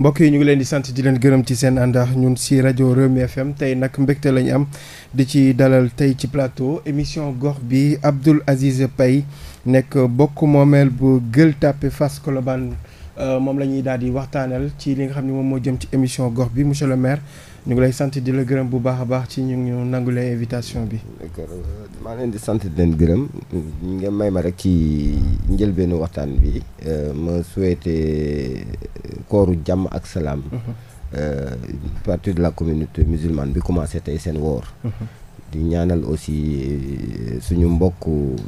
mbokk yi ñu ngi leen di sant di leen gërëm ci seen àndax ñun si rajo Rewmi FM tey nag mbégte lañu am di ci dalal tey ci plateau émission gox bi Abdoul Aziz Paye nekk bokk moomeel bu Gueule Tapée Fass Colobane euh, moom la ñuy daal di waxtaanal ci li nga xam ne moom moo jëm ci émission gox bi monsieur le maire. ñu ngi lay sant di la gërëm bu baax a baax ci ñu ngi ñu nangulee invitation bi. maa leen di sant di leen gërëm ñu may ma rek ci njëlbeenu waxtaan bi euh, ma souhaité euh, kooru jàmm ak salaam. Mhm. Euh, partie de la communauté musulmane bi commencé tey seen woor. Mhm. di ñaanal aussi suñu mbokk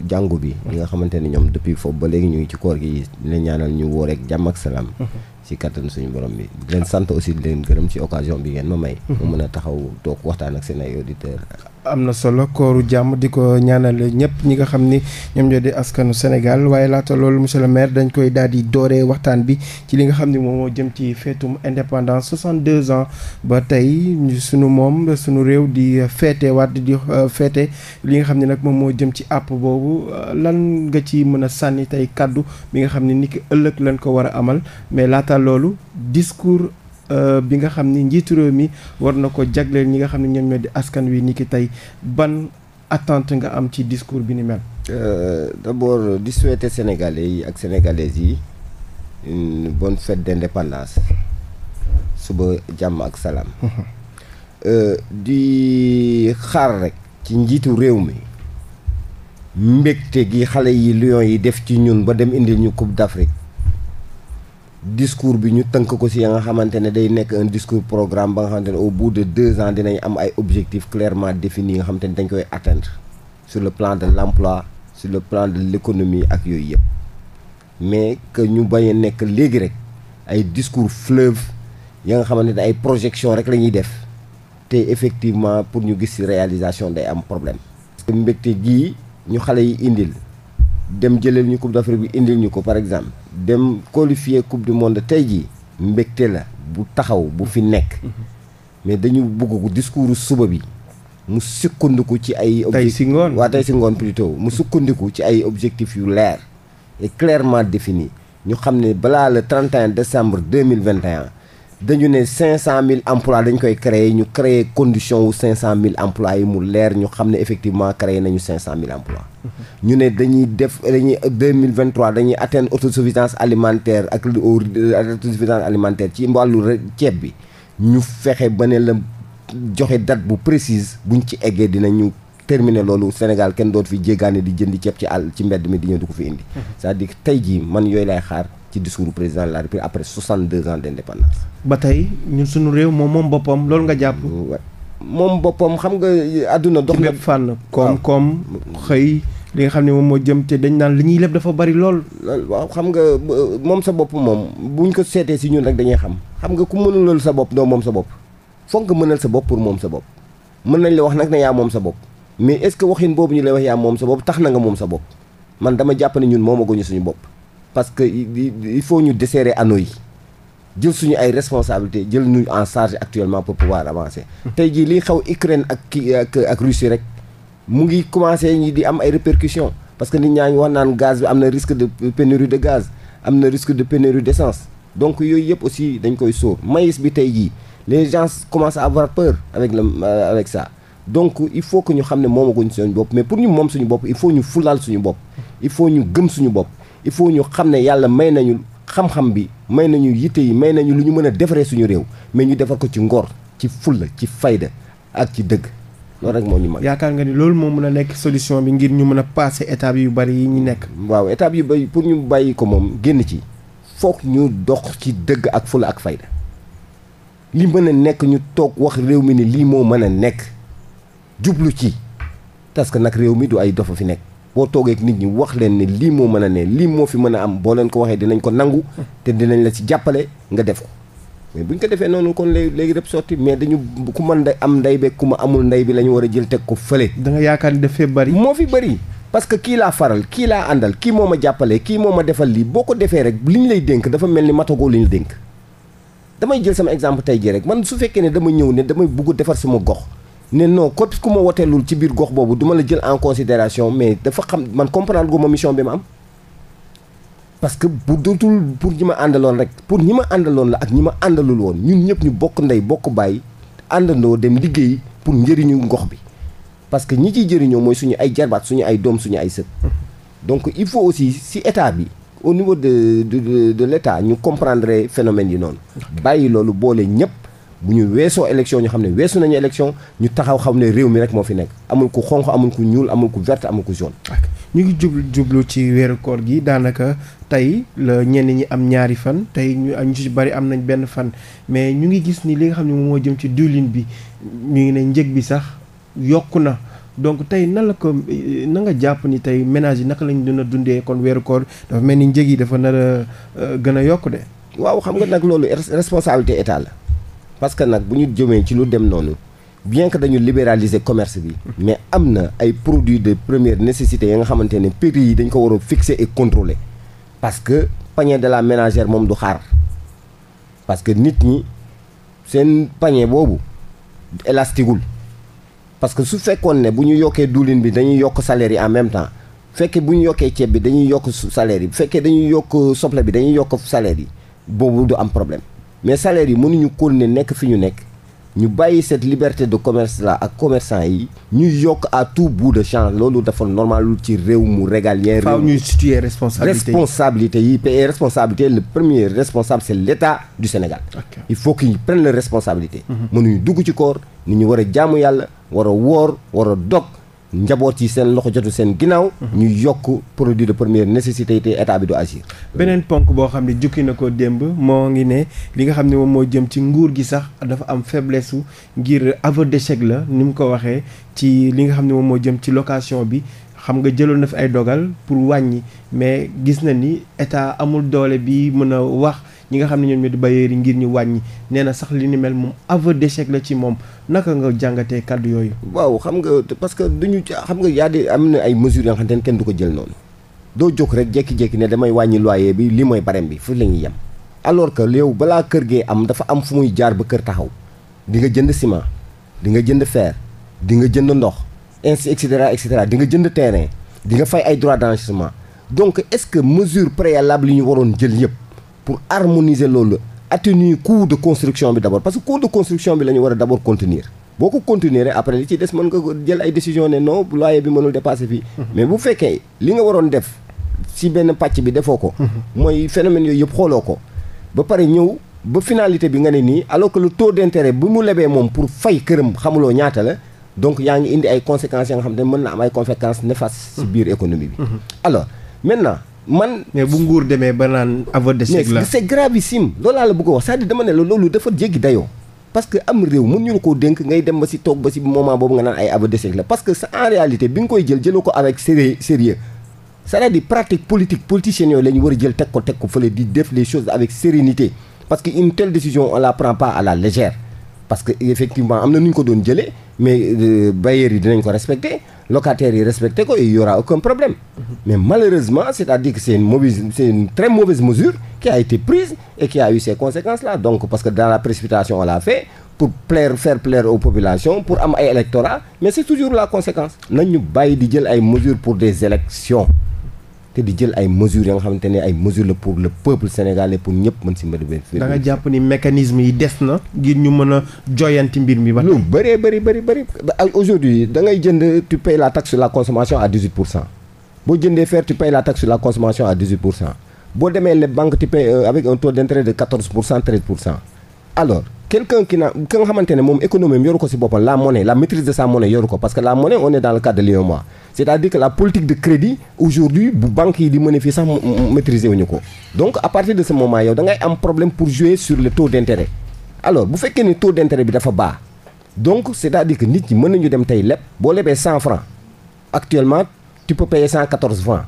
jàngu bi. Mhm. ñi nga xamante ni ñoom depuis foofu ba léegi ñu ngi ci koor gi di ñaanal ñu woor rek jàmm ak salaam. ci kattan suñu borom bi di leen sant aussi leen gërëm ci occasion bi ngeen ma may. Mhm. mu mën a taxaw toog waxtaan ak seen ay auditeurs. am na solo kooru jàmm di ko ñaanal ñëpp ñi nga xam ni ñoom ñoo de askanu Sénégal waaye laata loolu monsieur le maire dañ koy daal di dooree waxtaan bi ci li nga xam ni moom moo jëm ci feetum indépendance 62 ans ba tey sunu moom sunu réew di feete waa di euh, feete li nga xam ne nag moom moo jëm ci àpp boobu euh, lan nga ci mën a sànni tey kàddu mi nga xam ne ni ki ëllëg lañ ko war a amal mais laata loolu discours Euh, bi nga xam ni njiitu réew mi war na ko jagleel ñi nga xam ne ñoom ñoo di askan wi ni ki tey ban attente nga am ci discours bi ni mel. Euh, d'abord di souhaiter sénégalais yi ak sénégalaises yi bon bonne fête suba jàmm ak salaam. Mhm. Euh, di xaar rek. ci njiitu réew mi mbégte gi xale yi lion yi def ci ñun ba dem indi ñu coupe d'Afrique. discours bi ñu tënk ko si ya nga xamante ne day nekk un discours programme ba nga xamante ne au bout de deux ans dinañ am ay objectifs clairement définis nga xamante ne dañ koy atteindre su le plan de l'emploi sur le plan de l'économie ak yooyu yëpp mais que ñu bañ a nekk léegi rek ay discours fleuve ya nga xamante ne ay projection rek la ñuy def te effectivement pour ñu gis si réalisation day am problème. parce que mbégte gii ñu xale yi indil. dem jëlal ñu coupe d'Afrique bi indil ñu ko par exemple dem qualifier coupe du monde tey jii mbégte la bu taxaw bu fi nekk mhm. mais dañu bugg ko discours suba bi mu sukkandiku ci ay tey waa tey si ngoon plutôt mu sukkandiku ci ay objectifs yu leer et clairement définis ñu xam ne balaa le 31 décembre 2021 dañu ne cinq mille emplois dañu koy créer ñu créer condition wu cinq 500000 emplois yi mu leer ñu xam ne effectivement créer nañu 500000 emplois mhm. ñu ne dañuy def dañuy 2023 dañuy atteindre autosuffisance alimentaire ak autosuffisance alimentaire ci wàllu ceeb bi ñu fexe ba ne la joxe date bu précise buñ ci eggee dinañu terminer loolu Sénégal kenn dootu fi jéggaane di jënd ceeb ci àll ci mbedd mi di ñëw di ko fi indi mhm. cest dire tey jii man yooyu lay xaar ci discours président la République après 62 ans d' indépendance. ba tey ñun suñu réew moom moom boppam loolu nga jàpp. moom boppam xam nga àdduna dox na. bépp fànn koom koom xëy. li nga xam ne moom moo jëm te dañ naan li ñuy lépp dafa bari lool. waaw xam nga moom sa bopp moom buñ ko seetee si ñun rek dañuy xam. xam nga ku mënulal sa bopp doo moom sa bopp foog nga mënal sa bopp pour moom sa bopp mën nañ la wax nag ne yaa moom sa bopp mais est-ce que waxin boobu ñu lay wax yaa moom sa bopp tax na nga moom sa bopp man dama jàpp ne ñun moomaguñu suñu bopp. parce que il faut ñu desserrer anneaux yi jël suñu ay responsabilités jël ñu en charge actuellement pour pouvoir avancer. tey jii lii xaw Ukraine ak kii ak ak Russie rek mu ngi commencer ñi di am ay répercussions parce que nit ñaa ngi wax naan gaz bi am na risque de pénurie de gaz am na risque de pénurie d'essence donc yooyu yëpp aussi dañ koy sóor mais bi tey jii les gens commencent à avoir peur avec le euh, avec ça. donc il faut que ñu xam ne moomaguñ suñu bopp mais pour ñu moom suñu bopp il faut ñu suñu bopp il faut ñu gëm suñu bopp il faut ñu xam ne yàlla may nañu xam bi may nañu yitte yi may nañu lu ñu mën a defaree suñu réew mais ñu defar ko ci ngor ci fulla ci fayda ak ci dëgg loolu rek moo ñu mag yaakaar nga ni loolu moo mën a nekk solution bi ngir ñu mën a passer étape yu bari yi ñu nekk waaw étape yu bari pour ñu bàyyi ko moom génn ci foog ñu dox ci dëgg ak fulla ak fayda li mën a nekk ñu toog wax réew mi ni lii moo mën a nekk jublu ci parce que nag réew mi du ay dofa fi nekk boo toogeek nit ñi wax leen ne lii moo mën a ne lii moo fi mën a am boo leen ko waxee dinañ ko nangu te dinañ la ci jàppale nga def ko bu ñu ko defee noonu kon léegi léegi rëpp sotti mais dañu ku mën nday am nday ku ma amul nday bi la ñu war a jël teg ko fële da nga yaakaar ni dafee bari moo fi bari parce que kii laa faral kii laa àndal kii moo ma jàppale kii moo ma defal lii boo ko defee rek li ñu lay dénk dafa mel ni matagoo li ñu dénk damay jël sama exemple tey jii rek man su fekkee ne dama ñëw ne damay bugg defar sama gox ne non ku ma woteelul ci biir gox boobu duma jël en mais dafa xam man comprendre gu ma mission bi parce que bu dootul pour ñi ma àndaloon rek pour ñi ma àndaloon la ak ñi ma àndalul woon ñun ñëpp ñu bokk ndey bàyyi àndandoo dem liggéey pour njëriñu gox bi parce que ñi ciy jëriñoo mooy suñu ay jarbaat suñu ay doom suñu ay sët donc il faut aussi si état bi au niveau de de de, ñu comprendre phénomène yi noonu bàyyi loolu boole ñëpp bu ñu weesoo élection ñu xam ne weesu nañu élection ñu taxaw xam ne réew mi rek moo fi nekk amul ku xonq amul ku ñuul amul ku verte amul ku jaune. ñu ngi jublu jublu ci weeru koor gi daanaka tey la ñenn ñi am ñaari fan tey ñu ñu bari am nañ benn fan mais ñu ngi gis ni li nga xam ne moom moo jëm ci diwlin bi ñu ngi ne njëg bi sax yokk na donc tey nan la ko na nga jàpp ni tey ménage yi naka lañ dina dundee kon weeru koor dafa mel ni njëg yi dafa nar euh, gën a yokk waaw xam nga nag loolu responsabilité état la. parce que nag bu ñu jëmee ci lu dem noonu bien que dañu libéraliser commerce bi mais am na ay produit de première nécessité ya nga xamante ne prix yi dañ ko war a et contrôler parce que panier de la ménagère moom du xaar parce que nit ñi seen panier boobu élastigul parce que su fekkoon ne bu ñu yokkee diwlin bi dañuy yokk salaire yi en même temps fekkee bu ñu yokkee ceeb bi dañuy yokk salaire yi bu fekkee dañuy yokk soble bi dañuy yokk salaire yi boobu du am problème mais salaire yi mënuñu continuer nekk fi ñu nekk ñu bàyyi cette liberté de commerce la ak commerçant yi ñuy yokk à tout bout de champ loolu dafa normal lu ci réew mu régalien réew ñuy situer responsabilité responsabilité yi et responsabilité le premier responsable c'est l'État du Sénégal okay. il faut qu'ils prennent la responsabilité mhm. mënuñu dugg ci koor ni ñu war a jàmm yàlla war a woor war a dog njaboot yi seen loxo jotu seen ginnaaw. Mhm. ñu yokk produit de première nécessité te état bi du agir. beneen ponk boo xam ne jukki na ko démb moo ngi ne li nga xam ne moom moo jëm ci nguur gi sax dafa am faiblesse ngir aveu d'échec la ni mu ko waxee ci li nga xam ne moom moo jëm ci location bi. xam nga jëlul na fi ay dogal pour wàññi mais gis na ni état amul doole bi mën a wax ñi nga xam ne ñoom ñoo di bailleurs yi ngir ñu wàññi nee na sax li ni mel moom aveu d'échec la ci moom naka nga jàngatee kàddu yooyu. waaw xam nga parce que duñu xam nga yaa di am na ay mesures yoo kenn du ko jël noonu. doo jóg rek jékki-jékki ne damay wàññi loyer bi li mooy barème bi fu la ñuy yem. alors que yow balaa kër gee am dafa am fu muy jaar ba kër taxaw di nga jënd ciment di nga jënd fer di nga jënd ndox ainsi et cetera et cetera di nga jënd terrain di nga fay ay droits d'enregistrement donc est-ce que mesure préalable yi ñu waroon jël yëpp. pour harmoniser loolu atténuer coût de construction bi d' abord parce que coût de construction bi la ñu war a d' abord contenir boo ko continuer rek après li ci des mën nga jël ay décision ne non loyer bi mënul dépasser fii. Mhm. mais bu fekkee li nga waroon def si benn pàcc bi defoo ko. Mhm. mooy phénomène yooyu yëpp xooloo ko ba pare ñëw. ba finalité bi nga ne nii alors que le taux d'intérêt mu lebee moom pour fay këram xamuloo ñaata la donc yaa ngi indi ay conséquences ya nga xam ne mën na am ay conséquences néfastes. Mhm. biir économie bi. man mais bu nguur demee ba naan aveu d'échec la c'est gravissime loolu laa la bëgg a wax cest à dama ne la loolu dafa jéggi dayoo parce que am réew mën ñu dénk ngay dem ba si toog ba si moment boobu nga naan ay aveu d'échec la parce que ça ko avec sérieux sérieux c'est-à-dire pratique politique la ñu war a jël ko teg ko fële di def les choses avec sérénité parce que une telle décision on la prend pas à la effectivement am na nu ñu ko doon jëlee mais euh, bailleurs yi dinañ ko respecter locataires yi respecté ko il y aucun problème mais malheureusement c'est-à-dire que c'est une mauvaise c'est une très mauvaise mesure qui a été prise et qui a eu ces conséquences là donc parce que dans la précipitation on l'a fait pour plaire faire plaire aux populations pour am ay électorat mais c'est toujours la conséquence nañu bàyyi di jël ay mesures pour des élections te di jël ay mesures ya nga xamante ne ay mesures la pour le peuple sénégalais pour ñëpp mën si mbir mi. da nga jàpp ni mécanisme yi des na ngir ñu mën a joyanti mbir mi ba. lu bëree bëri bëri bëri aujourd'hui da ngay jënd tu payes la taxe sur la consommation à 18 pour cent boo jëndee fer tu payes la taxe sur la consommation à 18 pour cent boo demee les banques tu payes euh, avec un taux d'intérêt de 14 pour cent 13 pour cent quelqu'un qui na xamante ne moom économie am yoru ko si boppam la monnaie la maîtrise de sa monnaie yoru ko parce que la monnaie on est dans le cadre de l'UEMOA c'est-à-dire que la politique de crédit aujourd'hui bu banque yi di mën a fii sax maîtriser wuñu ko donc à partir de ce moment yow da ngay am problème pour jouer sur le taux d'intérêt alors bu fekkee ni taux d'intérêt bi dafa baax donc c'est-à-dire que nit ñi mën nañu dem tey leb boo lebee 100 francs actuellement tu peux payer 114 francs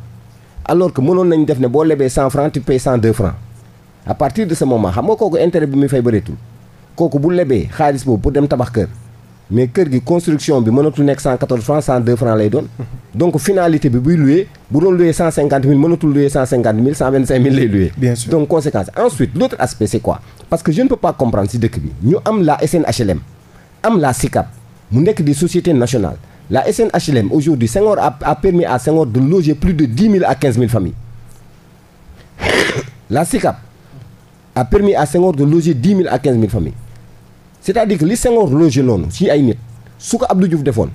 alors que mënoon nañu def ne boo lebee 100 francs tu payes 102 francs à partir de kooku intérêt bi muy fay bëreetul kooku bu lebee xaalis boobu pour dem tabax kër mais kër gi construction bi mënatu nekk cent quatorze francs cent deux lay doon donc finalité bi buy loué bu doon loué cent cinquante mënatul loué cent cinquante mille cent vingt cinq mille lay loué bien sûr donc conséquence ensuite l'autre aspect c'est quoi parce que je ne peux si dëkk bi ñu am la SNHLM am la SICAP mu nekk di des sociétés nationales la SNHLM aujourd'hui Senghor a, a permis à Senghor de loger plus de dix mille à quinze la SICAP a permis à Senghor mille à quinze mille c'est-à-dire que li Senghor logé noonu si ay nit su ko Abdou Diouf defoon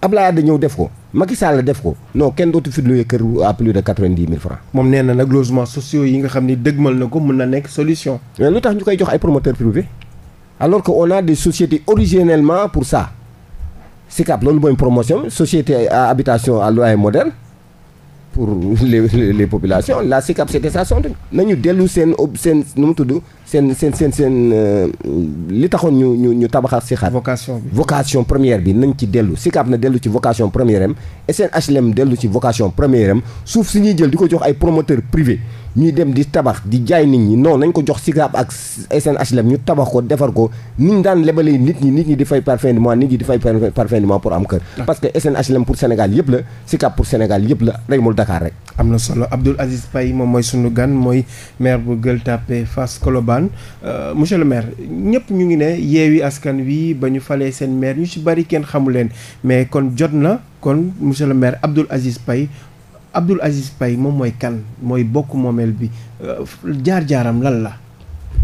Abdoulaye Wade ñëw def ko Macky Sall def ko non kenn dootu fi loué kër à plus de quatre-vingt-dix mille francs. moom nee na nag logements sociaux yi nga xam ni dëgmal na ko mën na nekk solution. mais lu tax ñu koy jox ay promoteurs privés alors que on a des sociétés originellement pour ça SICAP loolu mooy promotion société à habitation à loyer moderne. pour les les populations la SICAP c'était ça sont nañu dellu seen seen nu mu tudd seen seen seen seen euh, li taxoon ñu ñu ñu tabaxal SICAP. vocation bi vocation première bi nañ ci dellu SICAP na dellu ci vocation première am SNHLM dellu ci vocation première am suuf si ñuy jël di ko jox ay promoteurs privés. ñuy dem di tabax di jaay nit ñi non nañ ko jox SICAP ak SNHLM ñu tabax ko defar ko ni ñu daan lebalee nit ñi nit ñi di fay par fin du mois nit ñi di fay par fin du mois pour am kër. Ah. parce que SNHLM pour Sénégal yëpp la SICAP pour Sénégal yëpp la reymul Dakar rek. am na solo Abdoul Aziz Paye moom mooy sunu gan mooy maire bu Gueule Tapée Fass Colobane euh, monsieur le maire ñëpp ñu ngi ne yeewi askan wii ba ñu falee seen maire ñu si bari kenn xamu leen mais kon jot na kon monsieur le maire Abdoul Aziz Paye. Abdoul Aziz Paye moom mooy kan mooy bokk moomeel bi euh, jaar-jaaram lan la.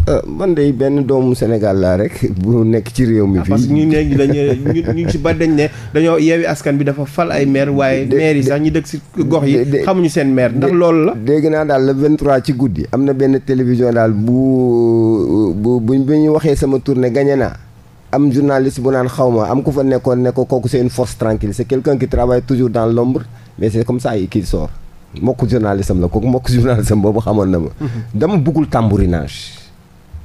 Euh, man de benn doomu Sénégal laa rek bu nekk ci réew mi. fii ah, parce que ñu ne dañu ñu ci dañ ne dañoo yeewi askan bi dafa fal ay maire waaye. maire yi sax ñu dëkk si gox yi. xamuñu seen maire ndax loolu la. dégg naa daal le 23 ci guddi am na benn télévision daal bu bu bu ñu waxee sama tournée gagné naa. am journaliste bu naan xaw ma am ku fa nekkoon ne ko kooku c'est une force tranquille c'est quelqu'un toujours dans l'ombre mais c'est comme ça qu'il sort mbokk journaliste am la kooku mbokk journaliste am boobu xamoon na ma. Mhm. dama bëggul tambourinage.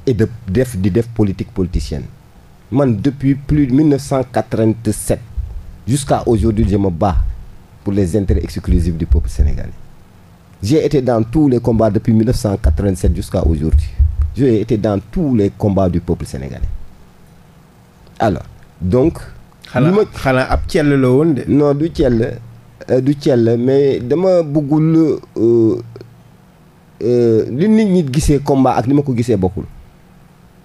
et de def di def politique politicienne man depuis plus de 1987 jusqu'à aujourd'hui je me bats pour les intérêts exclusifs du peuple sénégalais. j'ai été dans tous les combats depuis 1987 jusqu'à aujourd'hui j'ai été dans tous les combats du peuple sénégalais alors donc. xanaa xanaa ab cell la woon de. non du cell. Euh, du Thiel mais dama bëggul euh, euh, li nit ñi gisee combat ak ni ma ko gisee bokkul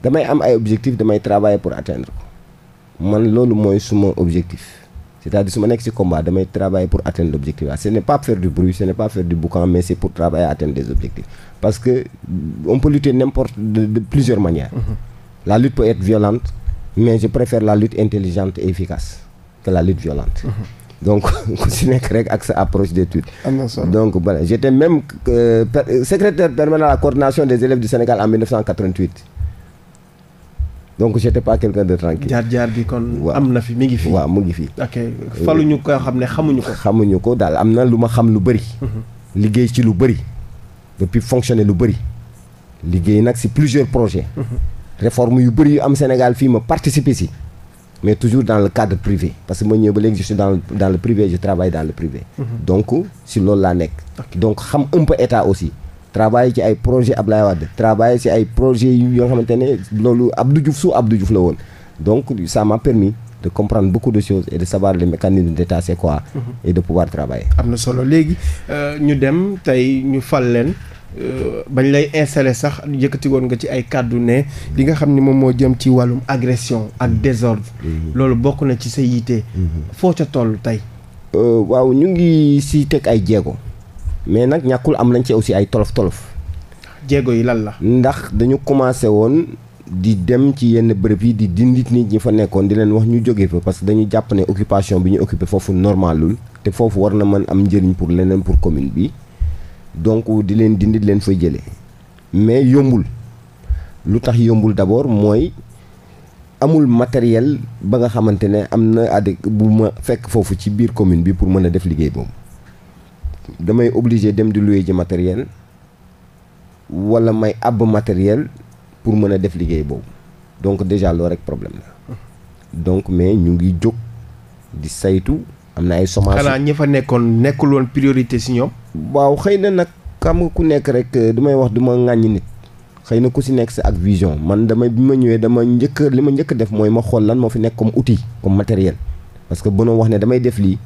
damay am ay objectif damay travailler pour atteindre ko man loolu mooy suma objectif c'est-à-dire su ma nekk ci combat damay travailler pour atteindre l'objectif ce n'est pas faire du bruit ce n'est pas faire du boucan mais c'est pour travailler à atteindre des objectifs parce que on peut lutter n'importe de, de plusieurs manières mhm. la lutte peut être violente mais je préfère la lutte intelligente et efficace que la donc ku si nekk rek ak sa approche d'étude donc voilà j'étais même euh, per, euh, secrétaire permanent à la coordination des élèves du Sénégal en donc j'étais pas quelqu'un de tranquille jaar jaar bi kon. waaw am na fi mi ngi fi. waaw mu ngi fi. ok faluñu ko xam ne xamuñu ko. xamuñu ko daal am na lu ma xam lu bëri. Mhm. liggéey ci lu bëri. depuis fonctionner lu bëri. liggéey nag si plusieurs projets. Mhm. réforme yu bëri yu am Sénégal fii ma participer si. mais toujours dans le cadre privé parce que ma ñëw ba léegi je suis dans le privé je travaille dans le privé. Mhm. donc si loolu laa nekk. donc xam un état aussi. travailler ci ay projet Ablaye Wade. travailler ci ay projet yu yoo xamante ne loolu Abdou Diouf su Abdou Diouf la woon donc ça m'a permis de comprendre beaucoup de choses et de savoir les mécanismes d'état c'est mhm. et de pouvoir travailler. am na solo léegi euh, ñu dem tey ñu fal leen. Euh, bañ lay installé sax yëkkati woon nga ci ay kàddu ne li nga xam ni moom moo jëm ci wàllum agression ak désordre mhm. loolu bokk na ci sa yiite mhm. foo ca toll tey euh, waaw ñu ngi si teg ay jéego mais nag ñàkkul am nañ ci aussi ay tolof tolof jéego yi lan la ndax dañu commencé woon di dem ci yenn bërëb yi di dindit nit ñi fa nekkoon di leen wax ñu jóge fa parce que dañu jàpp ne occupation bi ñu occupé foofu normalul te foofu war na mën am njëriñ pour leneen pour commune bi donc di leen dindi leen fay jëlee mais yombul lu tax yombul d'abord mooy amul matériel ba nga xamante ne am na adé bu ma fekk foofu ci biir commune bi pour mën a def liggéey boobu damay obligé dem di louer ji matériel wala may àbb matériel pour mën a def liggéey boobu donc déjà loolu rek problème la donc mais ñu ngi jóg di saytu am na ay semence xanaa ñi fa nekkoon nekkul woon priorité si ñoom. waaw xëy na nag xam nga ku nekk rek euh, du wax du ma ŋàññi nit xëy na ku si nekk si ak vision man damay bi ma ñëwee dama njëkk li ma njëkk def mooy ma xool lan moo fi nekk comme outil comme matériel. parce que bënoo wax ne damay def lii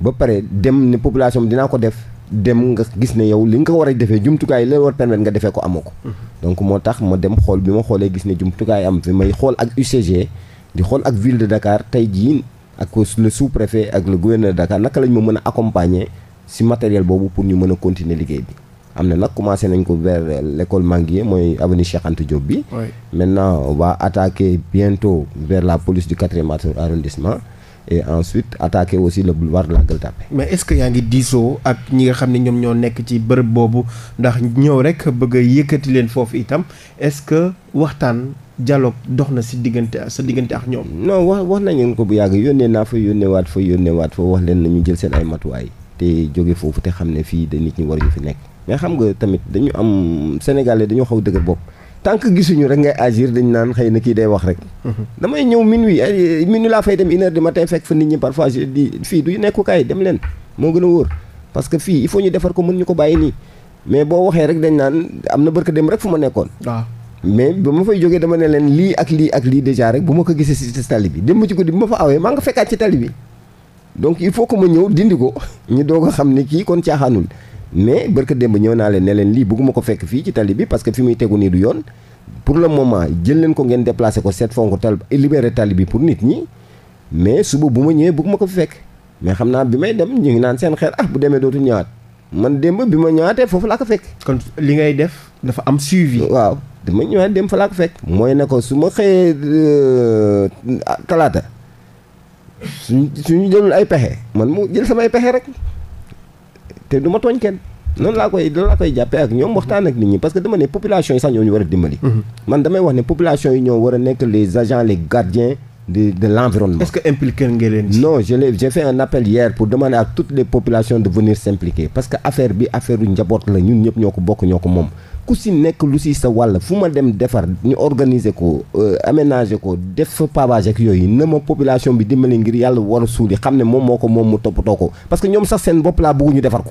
ba pare dem ne population bi dinaa ko def dem nga gis ne yow li nga ko war a defee jumtukaay la war permettre nga defee ko amoo ko. Mhm. donc moo tax ma dem xool bi ma xoolee gis ne jumtukaay am fi may xool ak UCG di xool ak ville Dakar tey jii. ak le sous-préfet ak le gouverneur de Dakar naka la ñu ma mën a accompagner si matériel boobu pour ñu mën a continuer liggéey bi am na nag commencé nañ ko vers l' école Manguier mooy avenue Cheikh Anta Diop bi. maintenant on va attaquer bientôt vers la police du quatrième arrondissement. et ensuite attaquer aussi le boulevard de la Gueule Tapée. mais est-ce que yaa ngi diisoo ak ñi nga xam ne ñoom ñoo nekk ci bërëb boobu ndax ñëw rekk bëgg a yëkkati leen foofu itam est-ce que waxtaan dialogue dox na si diggante sa diggante ak ñoom. non wax wax nañu ko bu yàgg yónnee naa fa yónnee waat fa yónnee waat fa wax leen nañu jël seen ay matuwaay te jóge foofu te xam ne fii de nit ñi waruñu fi nekk. mais xam nga tamit dañu am sénégalais dañoo xaw dëgër bopp tant que gisuñu rek ngay agir dañ naan xëy na kii day wax rek. Mhm. damay ñëw minuit minuit laa fay dem une heure du matin fekk fa nit ñi parfois je dis fii du nekkukaay dem leen moo gën a wóor parce fii il ñu defar ko mën ko bàyyi nii boo waxee rek dañ naan na barka dem rek fu ma nekkoon. waaw mais ba ma fay jógee dama ne leen lii ak lii ak lii déjà rek bu ma ko gisee ci tali bi démb ci guddi bi ma fa awee maa nga fekkaat ci tali bi donc il faut que ma ñëw dindi ko ñu doo a xam ne kii kon caaxaanul mais barka démb ñëw naa leen leen lii bëgguma ko fekk fii ci tali bi parce que fi muy tegu nii du yoon pour le moment jël leen ko ngeen déplacé ko seet fonk tal libéré tali bi pour nit ñi mais suba bu ma ñëwee bëgguma ko fekk mais xam naa bi may dem ñu ngi naan seen xeer ah bu demee dootu ñëwaat man démb bi ma ñëwaatee foofu laa ko fekk. kon li ngay def dafa am suivi. waaw dama ñëwaat dem fa laa ko fekk. mooy ne ko su ma xëyee euh, ah, talaata su su ñu jëlul ay pexe man mu jël samay pexe rek te du ma tooñ kenn noonu laa koy loolu laa koy jàppee ak ñoom waxtaan ak nit ñi parce que dama ne population yi sax ñoo ñu war a dimbali. Mm-hmm. man damay wax ne population yi ñoo war a nekk les agents les gardiens. de de l'environnement. est-ce que impliqué ngeen leen ci. non je l'ai j'ai fait un pour demander à toutes les populations de venir s'impliquer parce que affaire bi affaire u njaboot la ñun ñëpp ñoo ko bokk ñoo ko moom. ku si nekk lu si sa wàll fu ma dem defar ñu organiser ko euh, aménager ko def fa pavage ak yooyu na ma population bi dimbali ngir yàlla war a suuli xam ne moom moo ko moom mu toppatoo ko parce que ñoom sax seen bopp laa bëgg ñu defar ko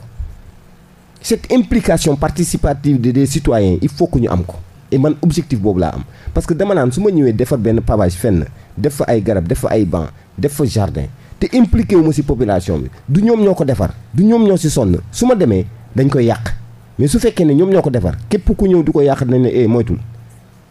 cette implication participative de citoyens il faut que ñu am ko et man objectif boobu laa am parce que dama naan su ma ñëwee defar benn pavage fenn def fa ay garab def fa ay ban def fa jardin te impliqué wu ma si population bi du ñoom ñoo ko defar du ñoom ñoo si sonn su ma demee dañ koy yàq mais su fekkee ne ñoom ñoo ko defar képp ku ñëw di ko yàq nañ ne eh moytul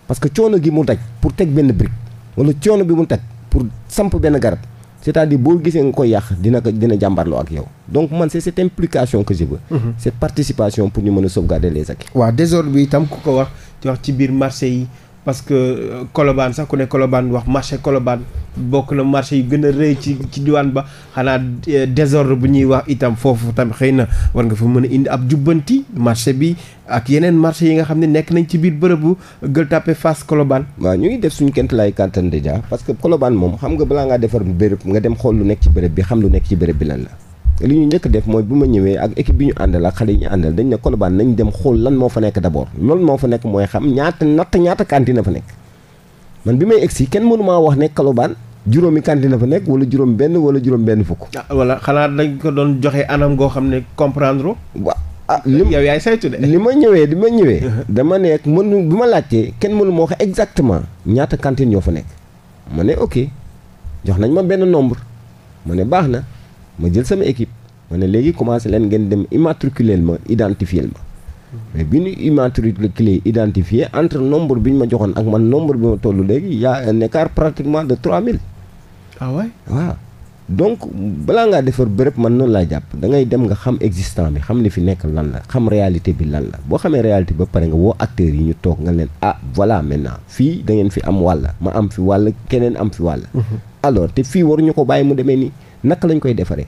parce que coono gi mu daj pour teg benn brique wala coono bi mu teg pour samp benn garab cest à boo gisee nga koy yàq dina ko dina jàmbarloo ak yow donc man c'est cette implication que je veux. Mm-hmm. cette pour ñu mën a sauvegarder les acquis. waaw désordre bi itam ku ko wax ci wax ci biir marché yi. parce que euh, Colobane sax ku ne kolobaan wax marché kolobaan bokk na marché yu gën a rëy ci ci diwaan ba xanaa euh, désordre bu ñuy wax itam foofu tamit xëy na war nga fa mën a indi ab jubbanti marché bi ak yeneen marché yi nga xam ne nekk nañ ci biir bërëbu Gueule Tapée Fass Colobane. waaw ñu ngi def suñu kent laay kàttan déjà parce que Colobane moom xam nga balaa ngaa defar bërëb nga dem xool lu nekk ci bërëb bi xam lu nekk ci bërëb bi lan la. li ñu njëkk def mooy bu ma ñëwee ak équipe bi ñu àndal ak xale ñu àndal dañ ne Colobane nañ dem xool lan moo fa nekk d'abord loolu moo fa nekk mooy xam ñaata natt ñaata cantine fa nekk man bi may egsi kenn mënu maa wax ne Colobane juróomi cantine fa nekk wala juróom benn wala juróom benn fukk. ah voilà xanaa ko doon joxe anam goo xam ne comprendre. waaw ah li yow yaay saytu li ma ñëwee li ma ñëwee. Uh-huh. dama nekk mënu bi ma laajtee kenn mënu ma wax exactement ñaata cantine ñoo fa nekk ma ne ok jox nañ ma benn nombre mu ne baax na. ma jël sama équipe ma ne léegi commencé leen ngeen dem immatriculé ma identifié ma. mais bi ñu immatriculé identifié entre nombre bi ñu ma joxoon ak man nombre bi ma toll léegi y' a pratiquement de trois ah waay waaw. donc balaa ngaa defar béréb man noonu laa jàpp dangay dem nga xam existant bi xam ni fi nekk lan la xam réalité bi lan la boo xamee réalité ba pare nga woo acteurs yi ñu toog nga leen ah voilà maintenant fii dangeen ngeen fi am wàll ma am fi wàll keneen am fi wàll. Mhm. naka lañu koy defaree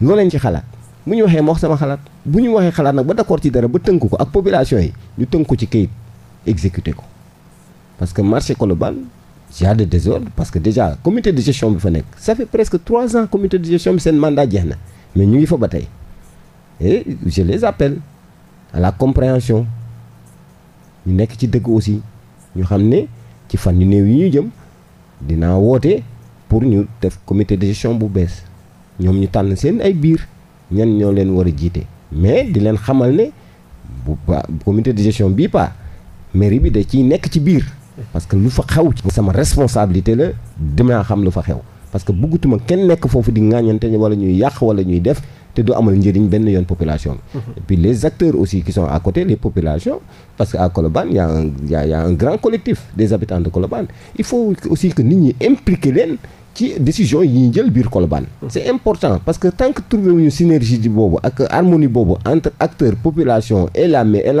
loo leen ci xalaat bu ñu waxee ma wax sama xalaat bu ñu waxee xalaat nag ba d'accord ci dara ba tënk ko ak population yi ñu tënk ko ci kayit exécuté ko parce que marché Colobane y a de désordre parce que déjà comité de gestion bi fa nekk ça fait presque trois ans comité de gestion bi seen mandat jeex na mais ñu ngi fa ba tey et je les appelle à la compréhension ñu nekk ci dëgg aussi ñu xam ne ci fan yu néew yi ñuy jëm dinaa woote. pour ñu def comité de gestion bu bees ñoom ñu tànn seen ay biir ñan ñoo leen war a jiite mais di leen xamal ne bu ba comité de gestion bii pas mairie bi da ci nekk ci biir parce que lu fa xew ci sama responsabilité la dinaa xam lu fa xew parce que bëggatuma kenn nekk foofu di ŋaañante wala ñuy yàq wala ñuy def te du amal njëriñ benn yoon population bi mhm. et les acteurs aussi qui sont à côté les populations parce que à Colobane y a un grand collectif des habitants de Colobane il nit ñi impliquer ci décision yi ñuy jël biir Colobane c'est important parce que tant que trouvé wuñu synergie bi boobu ak harmonie boobu entre acteur population et la mais et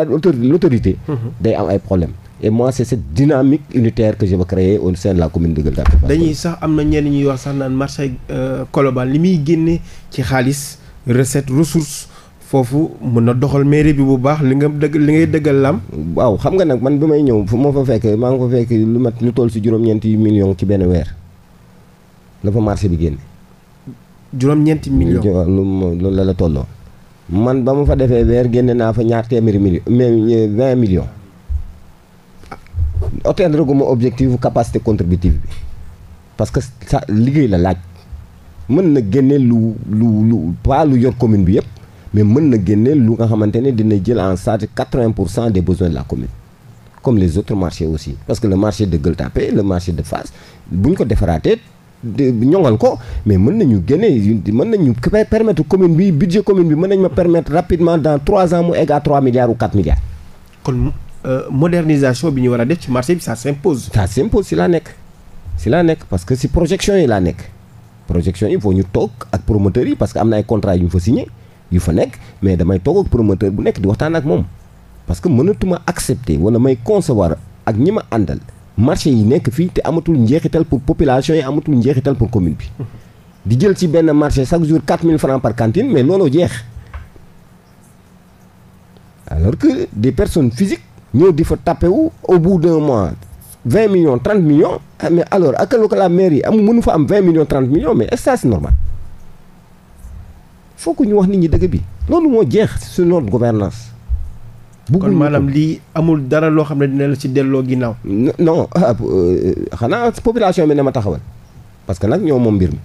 l'autorité day am ay problème et moi c'est cette dynamique unitaire que je veux créer au sein de la commune de Gueule Tapée dañuy sax am na ñenn ñuy wax sax naan marché euh, Colobane li muy génne ci xaalis recette ressource foofu mën na doxal mairie bi bu baax li nga dëgg li ngay dëggal lam waaw xam nga nag man bi may ñëw moo fa maa ngi fa fekk lu mat lu toll si juróom-ñeenti millions ci benn weer la fa bi génne. juróom-ñeenti million la la tolloo. man ba mu fa defee weer génne naa fa ñaar téeméeri million mais vingt millions. atteindre gu ma objectif capacité contributive bi parce que sa liggéey la laaj mën na génne lu lu lu pas lu yor commune bi yëpp mais mën na génne lu nga xamante ne dina jël en charge quatre-vingt pour cent des besoins la commune comme les autres marchés aussi parce que le marché de Gueule Tapée le marché de fas bu ñu ko defaraatee ñoŋal ko mais mën nañu génne mën nañu permettre commune bi budget commune bi mën nañu ma permettre rapidement dans trois ans mu egg à trois milliards ou quatre milliards. kon euh, modernisation bi ñu war a def ci marché bi ça s'impose. ça s'impose si laa nekk si laa nekk parce que si projection yi laa nekk projection yi il ñu toog ak promoteurs yi parce que am na ay contrats yu ñu fa signé yu fa nekk mais damay toog ak promoteur bu nekk di waxtaan ak moom parce que mënatuma accepter wala may concevoir ak ñi ma àndal. marché yi nekk fii te amatul njeexital pour population yi amatul njeexital pour commune bi di jël si benn marché chaque jour 4000 francs par cantine mais looloo jeex alors que des personnes physiques ñoo di fa tappewu au bout d'un mois 20 millions 30 millions ah, mais alors ak lu ko la mairie am mënu fa am 20 millions 30 millions mais est-ce que ñu wax nit ñi dëgg bi loolu moo jeex si su notre gouvernance kon maanaam lii amul dara loo xam ne dina la ci delloo ginnaaw. non ah, euh, xanaa population bi ne ma taxawal parce que nag ñoo moom mbir mi